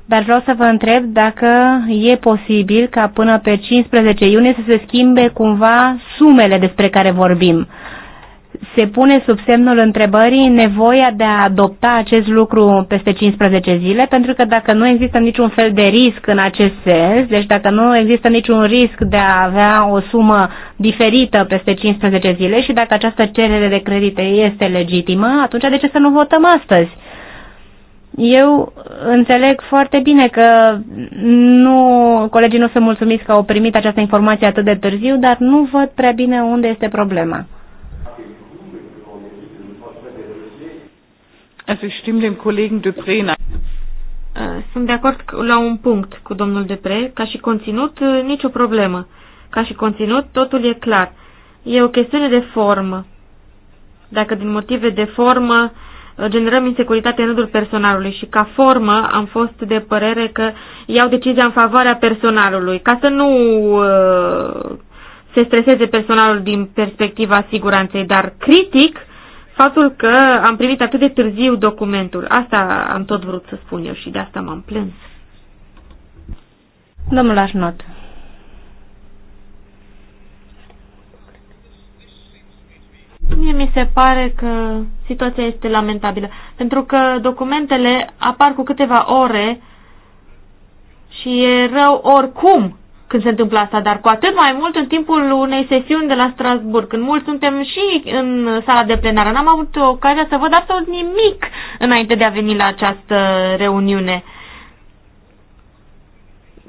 Speaker 3: dar vreau să vă întreb dacă e posibil ca până pe 15 iunie să se schimbe cumva sumele despre care vorbim. Se pune sub semnul întrebării nevoia de a adopta acest lucru peste 15 zile, pentru că dacă nu există niciun fel de risc în acest sens, deci dacă nu există niciun risc de a avea o sumă diferită peste 15 zile și dacă această cerere de credite este legitimă, atunci de ce să nu votăm astăzi? Eu înțeleg foarte bine că nu, colegii nu sunt mulțumiți că au primit această informație atât de târziu, dar nu văd prea bine unde este problema. Ă, sunt de acord la un
Speaker 2: punct cu domnul Depre. Ca și conținut, ă, nicio problemă. Ca și conținut, totul e clar. E o chestiune de formă. Dacă din motive de formă Uh, generăm insecuritate în rândul personalului și ca formă am fost de părere că iau decizia în favoarea personalului, ca să nu uh, se streseze personalul din perspectiva siguranței, dar critic faptul că am primit atât de târziu documentul. Asta am tot vrut să spun eu și de asta m-am plâns.
Speaker 3: Domnul Arnot.
Speaker 2: Mie mi se pare că situația este lamentabilă, pentru că documentele apar cu câteva ore și e rău oricum când se întâmplă asta, dar cu atât mai mult în timpul unei sesiuni de la Strasburg, când mulți suntem și în sala de plenară. N-am avut ocazia să văd absolut nimic înainte de a veni la această reuniune.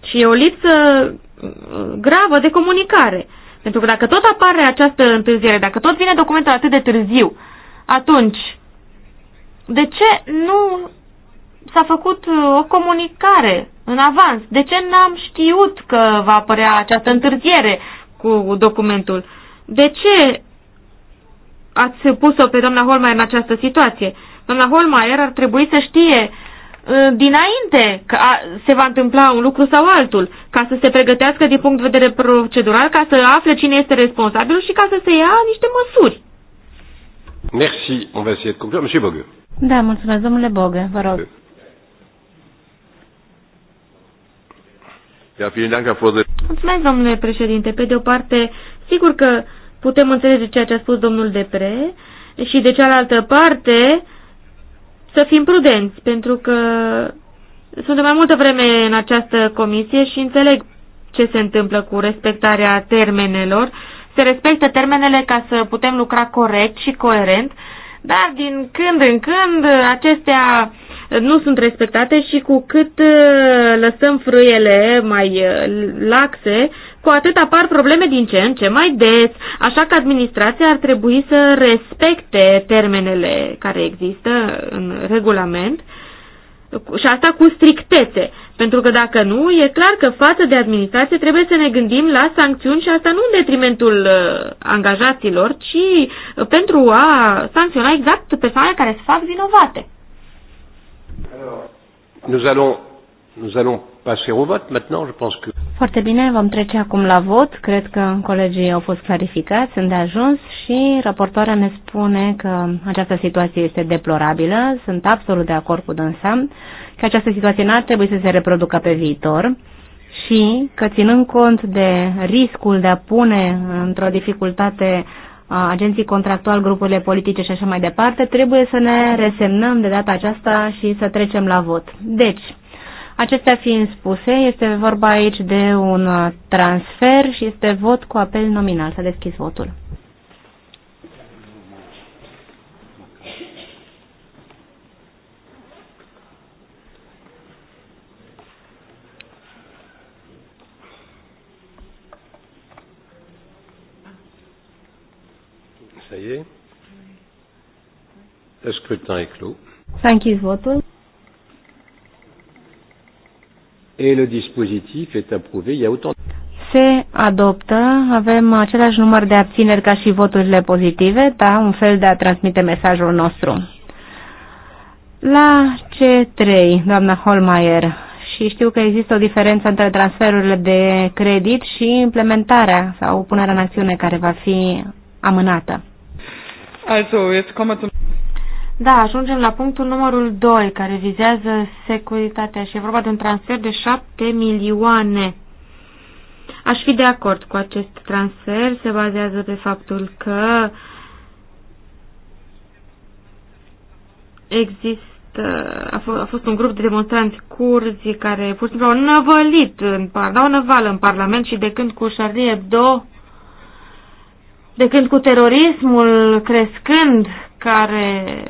Speaker 2: Și e o lipsă gravă de comunicare. Pentru că dacă tot apare această întârziere, dacă tot vine documentul atât de târziu, atunci, de ce nu s-a făcut uh, o comunicare în avans? De ce n-am știut că va apărea această întârziere cu documentul? De ce ați pus-o pe doamna Holmeier în această situație? Doamna Holmeier ar trebui să știe Ă, dinainte că se va întâmpla un lucru sau altul, ca să se pregătească din punct de vedere procedural, ca să afle cine este
Speaker 3: responsabil și ca să se ia niște măsuri.
Speaker 1: Merci. On va essayer de conclure. Monsieur Bogue.
Speaker 3: Da, mulțumesc, domnule Bogue, vă rog. Mulțumesc, domnule președinte. Pe de o parte, sigur
Speaker 2: că putem înțelege ceea ce a spus domnul Depre și de cealaltă parte, să fim prudenți, pentru că sunt de mai multă vreme în această comisie și înțeleg ce se întâmplă cu respectarea termenelor. Se respectă termenele ca să putem lucra corect și coerent, dar din când în când acestea nu sunt respectate și cu cât uh, lăsăm frâiele mai uh, laxe, cu atât apar probleme din ce în ce mai des, așa că administrația ar trebui să respecte termenele care există în regulament și asta cu strictețe, pentru că dacă nu, e clar că față de administrație trebuie să ne gândim la sancțiuni și asta nu în detrimentul uh, angajaților, ci uh, pentru a sancționa exact persoanele care se
Speaker 3: fac vinovate.
Speaker 1: nous allons, nous allons
Speaker 3: foarte bine, vom trece acum la vot. Cred că colegii au fost clarificați, sunt de ajuns și raportoarea ne spune că această situație este deplorabilă. Sunt absolut de acord cu dânsa că această situație n-ar trebui să se reproducă pe viitor și că ținând cont de riscul de a pune într-o dificultate agenții contractual, grupurile politice și așa mai departe, trebuie să ne resemnăm de data aceasta și să trecem la vot. Deci, Acestea fiind spuse, este vorba aici de un transfer și este vot cu apel nominal. S-a deschis votul.
Speaker 1: Ça iei. est. Le scrutin est
Speaker 3: S-a închis votul
Speaker 1: et le dispositif est approuvé. Il y a autant
Speaker 3: se adoptă, avem același număr de abțineri ca și voturile pozitive, da, un fel de a transmite mesajul nostru. La C3, doamna Holmeier, și știu că există o diferență între transferurile de credit și implementarea sau punerea în acțiune care va fi amânată. Also, jetzt kommen wir zum
Speaker 2: da, ajungem la punctul numărul 2, care vizează securitatea și e vorba de un transfer de 7 milioane. Aș fi de acord cu acest transfer, se bazează pe faptul că există, a, fost, a fost un grup de demonstranți curzi care pur și simplu au năvălit, în, au năvală în Parlament și de când cu Charlie Hebdo, de când cu terorismul crescând, care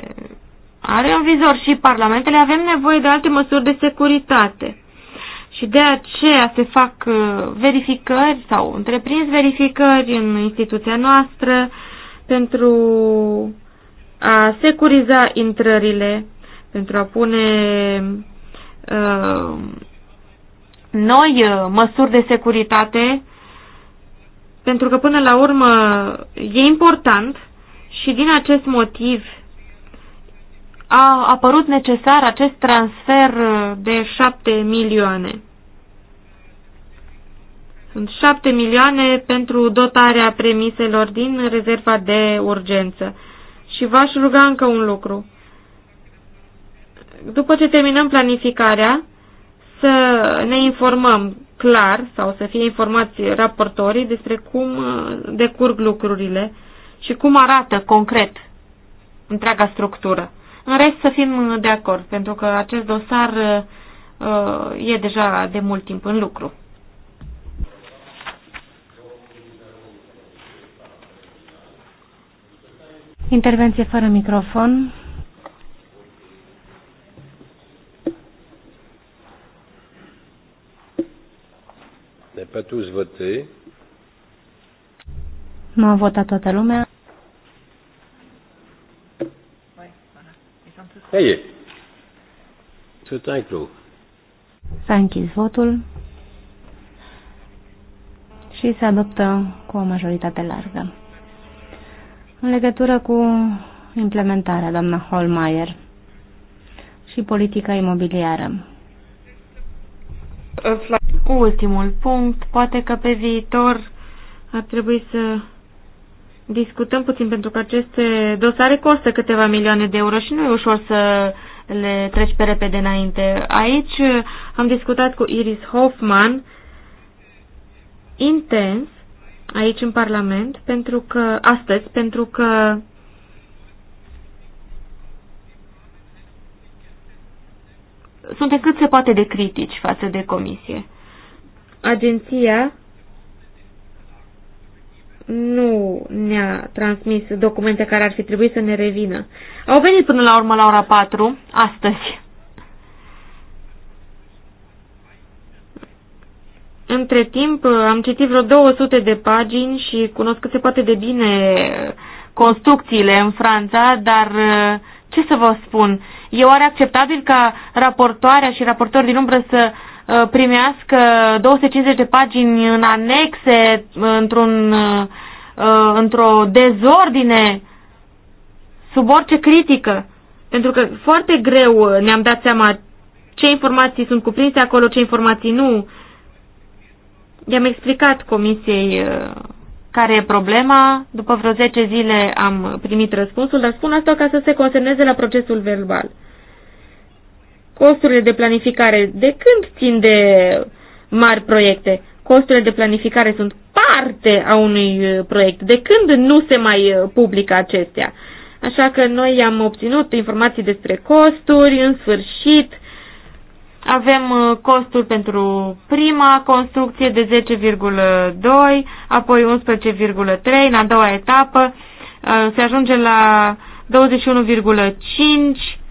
Speaker 2: are în vizor și parlamentele, avem nevoie de alte măsuri de securitate. Și de aceea se fac uh, verificări sau întreprins verificări în instituția noastră pentru a securiza intrările, pentru a pune uh, noi uh, măsuri de securitate, pentru că până la urmă e important și din acest motiv a apărut necesar acest transfer de 7 milioane. Sunt 7 milioane pentru dotarea premiselor din rezerva de urgență. Și v-aș ruga încă un lucru. După ce terminăm planificarea, să ne informăm clar sau să fie informați raportorii despre cum decurg lucrurile și cum arată concret întreaga structură. În rest să fim de acord, pentru că acest dosar uh, e deja de
Speaker 3: mult timp în lucru. Intervenție fără microfon. Ne Nu a votat toată lumea.
Speaker 1: Hey. So thank you.
Speaker 3: Thank you. votul și se adoptă cu o majoritate largă. În legătură cu implementarea, doamna Holmeier, și politica imobiliară. Ultimul punct, poate că pe viitor ar trebui să
Speaker 2: discutăm puțin pentru că aceste dosare costă câteva milioane de euro și nu e ușor să le treci pe repede înainte. Aici uh, am discutat cu Iris Hoffman intens aici în Parlament pentru că astăzi pentru că suntem cât se poate de critici față de comisie. Agenția nu ne-a transmis documente care ar fi trebuit să ne revină. Au venit până la urmă la ora 4, astăzi. Între timp am citit vreo 200 de pagini și cunosc cât se poate de bine construcțiile în Franța, dar ce să vă spun, e oare acceptabil ca raportoarea și raportori din umbră să uh, Uh, primească 250 de pagini în anexe, într-un, uh, într-o dezordine, sub orice critică. Pentru că foarte greu ne-am dat seama ce informații sunt cuprinse acolo, ce informații nu. I-am explicat comisiei uh, care e problema. După vreo 10 zile am primit răspunsul, dar spun asta ca să se consemneze la procesul verbal costurile de planificare de când țin de mari proiecte? Costurile de planificare sunt parte a unui uh, proiect. De când nu se mai uh, publică acestea? Așa că noi am obținut informații despre costuri, în sfârșit avem uh, costul pentru prima construcție de 10,2, apoi 11,3, în a doua etapă se ajunge la 21,5,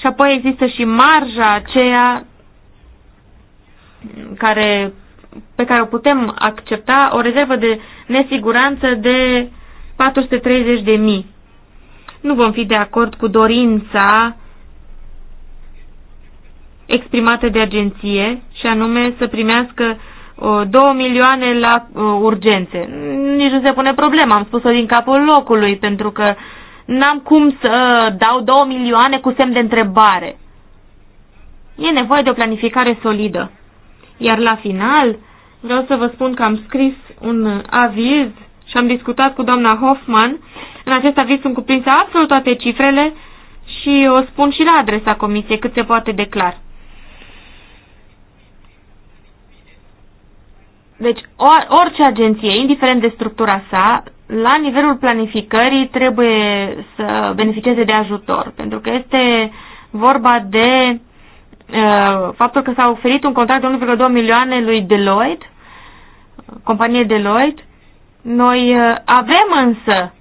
Speaker 2: Și apoi există și marja aceea care, pe care o putem accepta, o rezervă de nesiguranță de 430 de mii. Nu vom fi de acord cu dorința exprimată de agenție și anume să primească 2 milioane la urgențe. Nici nu se pune problema, am spus-o din capul locului, pentru că uh, n-am cum să dau două milioane cu semn de întrebare. E nevoie de o planificare solidă. Iar la final, vreau să vă spun că am scris un aviz și am discutat cu doamna Hoffman. În acest aviz sunt cuprinse absolut toate cifrele și o spun și la adresa comisiei cât se poate declar. Deci, orice agenție, indiferent de structura sa, la nivelul planificării trebuie să beneficieze de ajutor, pentru că este vorba de uh, faptul că s-a oferit un contract de 1,2 milioane lui Deloitte, companie Deloitte. Noi uh, avem însă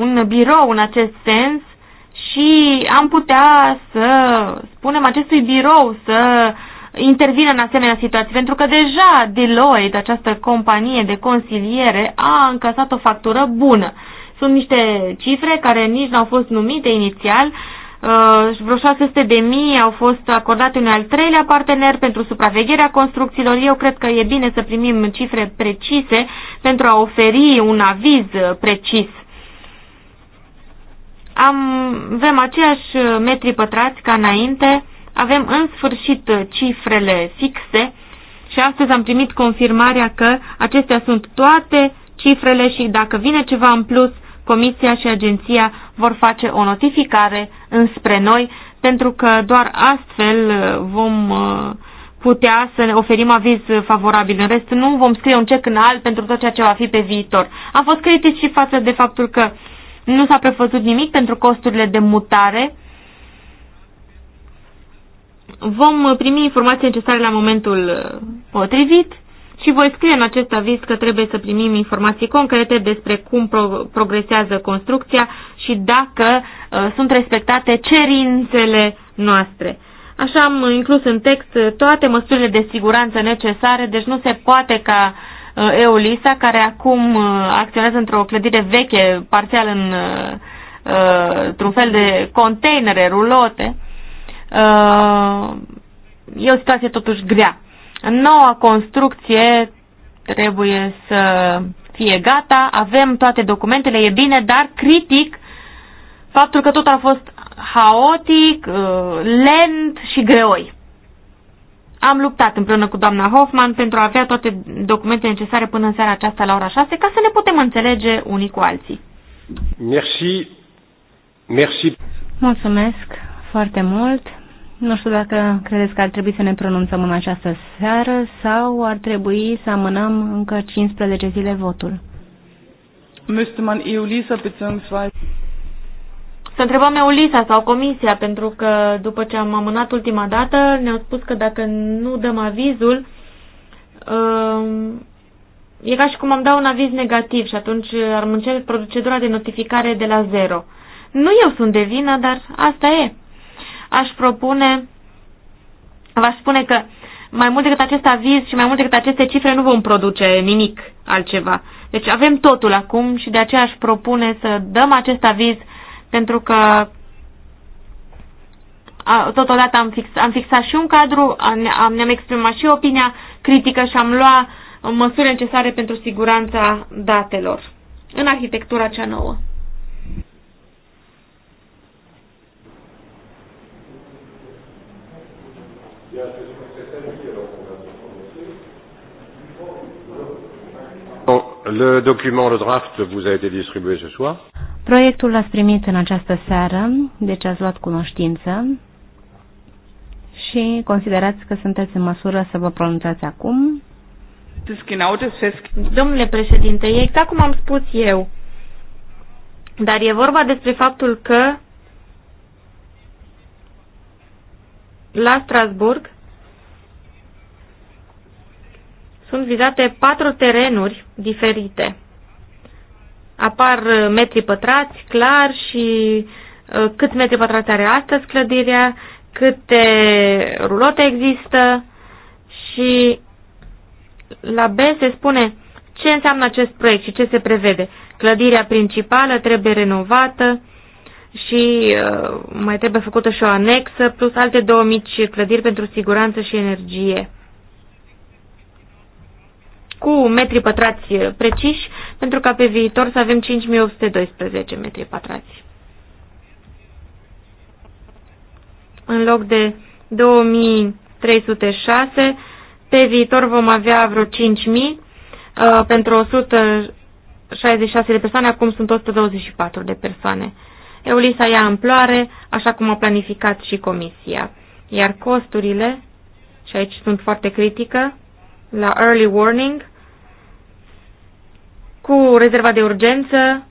Speaker 2: un birou în acest sens și am putea să spunem acestui birou să intervine în asemenea situații, pentru că deja Deloitte, această companie de consiliere, a încasat o factură bună. Sunt niște cifre care nici nu au fost numite inițial, Uh, vreo 600 de mii au fost acordate unui al treilea partener pentru supravegherea construcțiilor. Eu cred că e bine să primim cifre precise pentru a oferi un aviz precis. Am, avem aceiași metri pătrați ca înainte, avem în sfârșit uh, cifrele fixe și astăzi am primit confirmarea că acestea sunt toate cifrele și dacă vine ceva în plus, Comisia și agenția vor face o notificare înspre noi, pentru că doar astfel uh, vom uh, putea să ne oferim aviz favorabil. În rest, nu vom scrie un cec în alt pentru tot ceea ce va fi pe viitor. Am fost critici și față de faptul că nu s-a prefăzut nimic pentru costurile de mutare Vom primi informații necesare la momentul uh, potrivit și voi scrie în acest aviz că trebuie să primim informații concrete despre cum pro progresează construcția și dacă uh, sunt respectate cerințele noastre. Așa am inclus în text uh, toate măsurile de siguranță necesare, deci nu se poate ca uh, EULISA, care acum uh, acționează într-o clădire veche, parțial în, uh, uh într-un fel de containere rulote, Uh, e o situație totuși grea. Noua construcție trebuie să fie gata, avem toate documentele, e bine, dar critic faptul că tot a fost haotic, uh, lent și greoi. Am luptat împreună cu doamna Hoffman pentru a avea toate documentele
Speaker 3: necesare până în seara aceasta la ora 6 ca să ne putem înțelege unii cu alții.
Speaker 1: Merci. Merci.
Speaker 3: Mulțumesc foarte mult nu știu dacă credeți că ar trebui să ne pronunțăm în această seară sau ar trebui să amânăm încă 15 zile votul.
Speaker 2: Müsste man Eulisa beziehungsweise... Să întrebăm Eulisa sau Comisia, pentru că după ce am amânat ultima dată, ne-au spus că dacă nu dăm avizul, um, e ca și cum am dat un aviz negativ și atunci ar începe procedura de notificare de la zero. Nu eu sunt de vină, dar asta e aș propune, v-aș spune că mai mult decât acest aviz și mai mult decât aceste cifre nu vom produce nimic altceva. Deci avem totul acum și de aceea aș propune să dăm acest aviz pentru că a, totodată am, fix, am fixat și un cadru, ne-am ne exprimat și opinia critică și am luat măsuri necesare pentru siguranța datelor în arhitectura cea nouă.
Speaker 1: Le document, le draft vous a été distribué ce soir.
Speaker 3: Proiectul l-ați primit în această seară, deci ați luat cunoștință și considerați că sunteți în măsură să vă pronunțați acum.
Speaker 2: Domnule președinte, e exact cum am spus eu, dar e vorba despre faptul că la Strasburg sunt vizate patru terenuri diferite. Apar uh, metri pătrați, clar, și uh, cât metri pătrați are astăzi clădirea, câte rulote există și la B se spune ce înseamnă acest proiect și ce se prevede. Clădirea principală trebuie renovată, și uh, mai trebuie făcută și o anexă, plus alte două mici clădiri pentru siguranță și energie. Cu metri pătrați preciși, pentru ca pe viitor să avem 5812 metri pătrați. În loc de 2306, pe viitor vom avea vreo 5000 uh, pentru 166 de persoane, acum sunt 124 de persoane. Eulisa ia amploare, așa cum a planificat și Comisia. Iar costurile, și aici sunt foarte critică, la early warning, cu rezerva de urgență,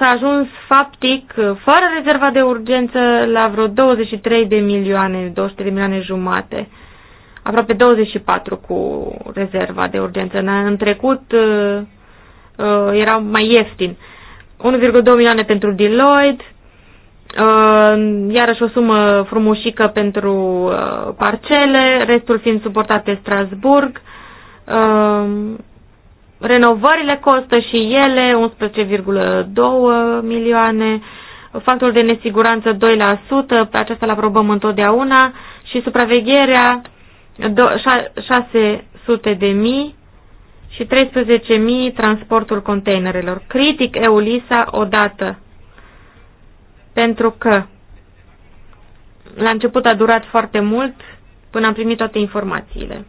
Speaker 2: s-a ajuns faptic, fără rezerva de urgență, la vreo 23 de milioane, 200 de milioane jumate, aproape 24 cu rezerva de urgență. În trecut uh, uh, era mai ieftin. 1,2 milioane pentru Deloitte, uh, iarăși o sumă frumușică pentru uh, parcele, restul fiind suportate Strasburg. Uh, renovările costă și ele 11,2 milioane, factorul de nesiguranță 2%, pe acesta îl aprobăm întotdeauna, și supravegherea 600 de mii și 13.000 transportul containerelor. Critic EULISA odată, pentru că la început a durat foarte mult până am primit toate informațiile.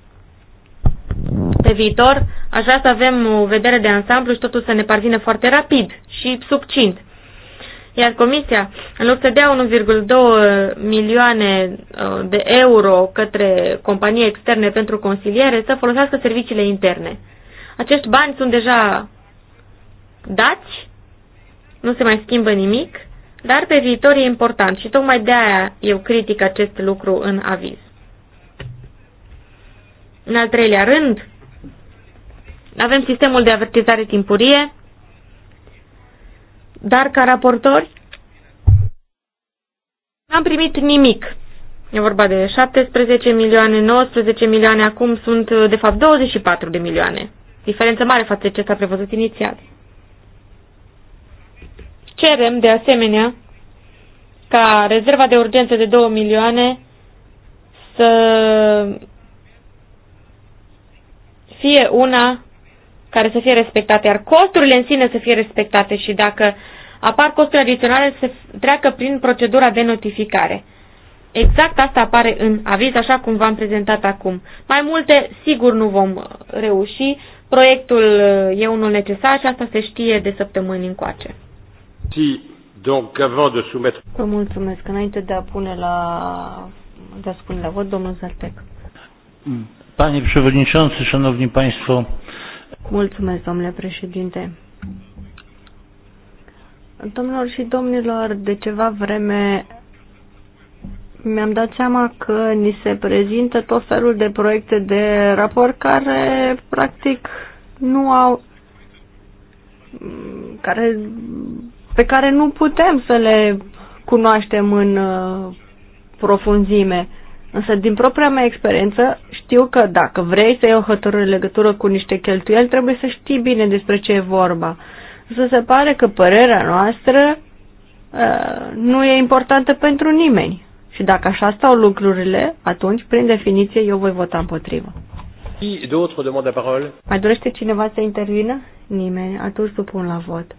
Speaker 2: Pe viitor, aș vrea să avem o vedere de ansamblu și totul să ne parvină foarte rapid și subcint. Iar Comisia, în loc să dea 1,2 milioane uh, de euro către companii externe pentru consiliere, să folosească serviciile interne. Acești bani sunt deja dați, nu se mai schimbă nimic, dar pe viitor e important și tocmai de aia eu critic acest lucru în aviz. În al treilea rând, avem sistemul de avertizare timpurie, dar ca raportori n-am primit nimic. E vorba de 17 milioane, 19 milioane, acum sunt de fapt 24 de milioane diferență mare față de ce s-a prevăzut inițial. Cerem, de asemenea, ca rezerva de urgență de 2 milioane să fie una care să fie respectate, iar costurile în sine să fie respectate și dacă apar costuri adiționale să treacă prin procedura de notificare. Exact asta apare în aviz, așa cum v-am prezentat acum. Mai multe, sigur, nu vom reuși. Proiectul uh, e unul necesar și asta se știe de săptămâni încoace.
Speaker 1: Si, donc, avant de soumettre...
Speaker 2: Vă mulțumesc. Înainte de a pune la, de a spune la vot, domnul Zaltec.
Speaker 1: Hmm. Pani președinte, șanovni Państwo.
Speaker 2: Mulțumesc, domnule președinte. Domnilor și domnilor, de ceva vreme mi-am dat seama că ni se prezintă tot felul de proiecte de raport care practic nu au care, pe care nu putem să le cunoaștem în uh, profunzime. Însă, din propria mea experiență, știu că dacă vrei să iei o hotărâre legătură cu niște cheltuieli, trebuie să știi bine despre ce e vorba. Să se pare că părerea noastră uh, nu e importantă pentru nimeni. Și dacă așa stau lucrurile, atunci, prin definiție, eu voi vota împotrivă. Mai dorește cineva să intervină? Nimeni. Atunci supun la vot.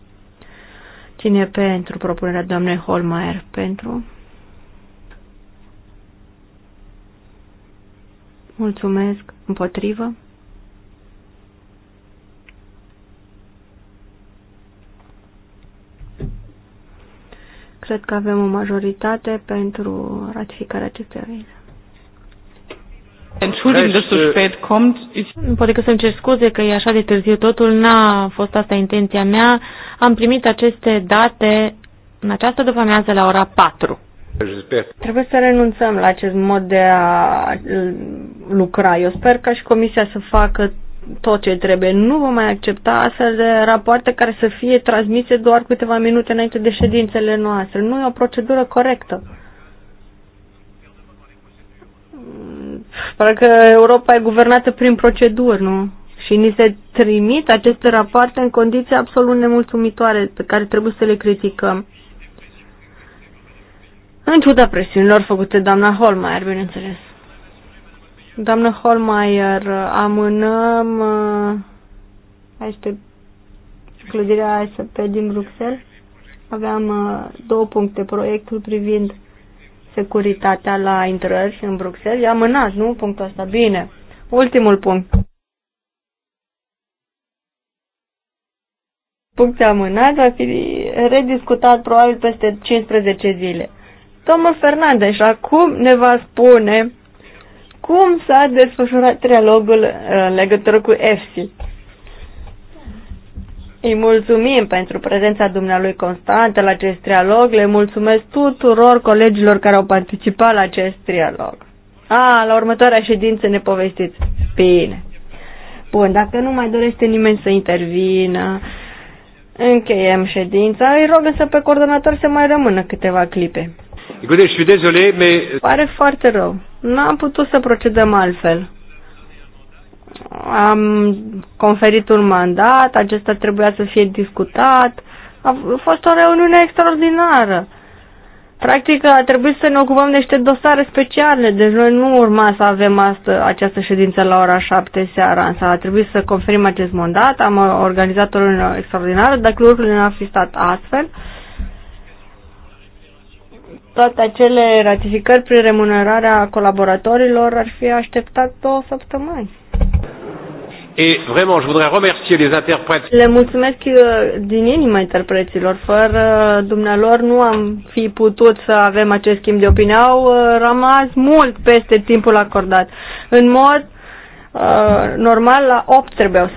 Speaker 2: Cine e pentru propunerea doamnei Holmeier? Pentru? Mulțumesc. Împotrivă? Cred că avem o majoritate pentru ratificarea acestei aviz. Poate că să-mi cer scuze că e așa de târziu totul, n-a fost asta intenția mea. Am primit aceste date în această după-amiază la ora 4. Trebuie să renunțăm la acest mod de a lucra. Eu sper ca și Comisia să facă tot ce trebuie. Nu vom mai accepta astfel de rapoarte care să fie transmise doar câteva minute înainte de ședințele noastre. Nu e o procedură corectă. Parcă Europa e guvernată prin proceduri, nu? Și ni se trimit aceste rapoarte în condiții absolut nemulțumitoare pe care trebuie să le criticăm. În ciuda presiunilor făcute doamna Holmeier, bineînțeles. Doamnă Holmeier, amânăm uh, aștept, clădirea ASP din Bruxelles. Aveam uh, două puncte. Proiectul privind securitatea la intrări în Bruxelles. E amânat, nu? Punctul ăsta. Bine. Ultimul punct. Punctul amânat va fi rediscutat probabil peste 15 zile. Domnul Fernandez, acum ne va spune cum s-a desfășurat trialogul uh, în legătură cu EFSI. Îi mulțumim pentru prezența dumnealui constantă la acest trialog, le mulțumesc tuturor colegilor care au participat la acest trialog. A, la următoarea ședință ne povestiți. Bine. Bun, dacă nu mai dorește nimeni să intervină, încheiem ședința. Îi rog însă pe coordonator să mai rămână câteva clipe. Pare foarte rău. N-am putut să procedăm altfel. Am conferit un mandat, acesta trebuia să fie discutat. A fost o reuniune extraordinară. Practic a trebuit să ne ocupăm de niște dosare speciale, deci noi nu urma să avem astă, această ședință la ora 7 seara, însă a trebuit să conferim acest mandat, am organizat o reuniune extraordinară, dacă lucrurile nu ar fi stat astfel, uh, toate acele ratificări prin remunerarea colaboratorilor ar fi așteptat două săptămâni.
Speaker 1: Et vraiment, je voudrais remercier les interprètes.
Speaker 2: Le mulțumesc uh, din inimă interpreților. Fără uh, dumnealor nu am fi putut să avem acest schimb de opinie. Au uh, rămas mult peste timpul acordat. În mod uh, normal, la 8 trebuiau să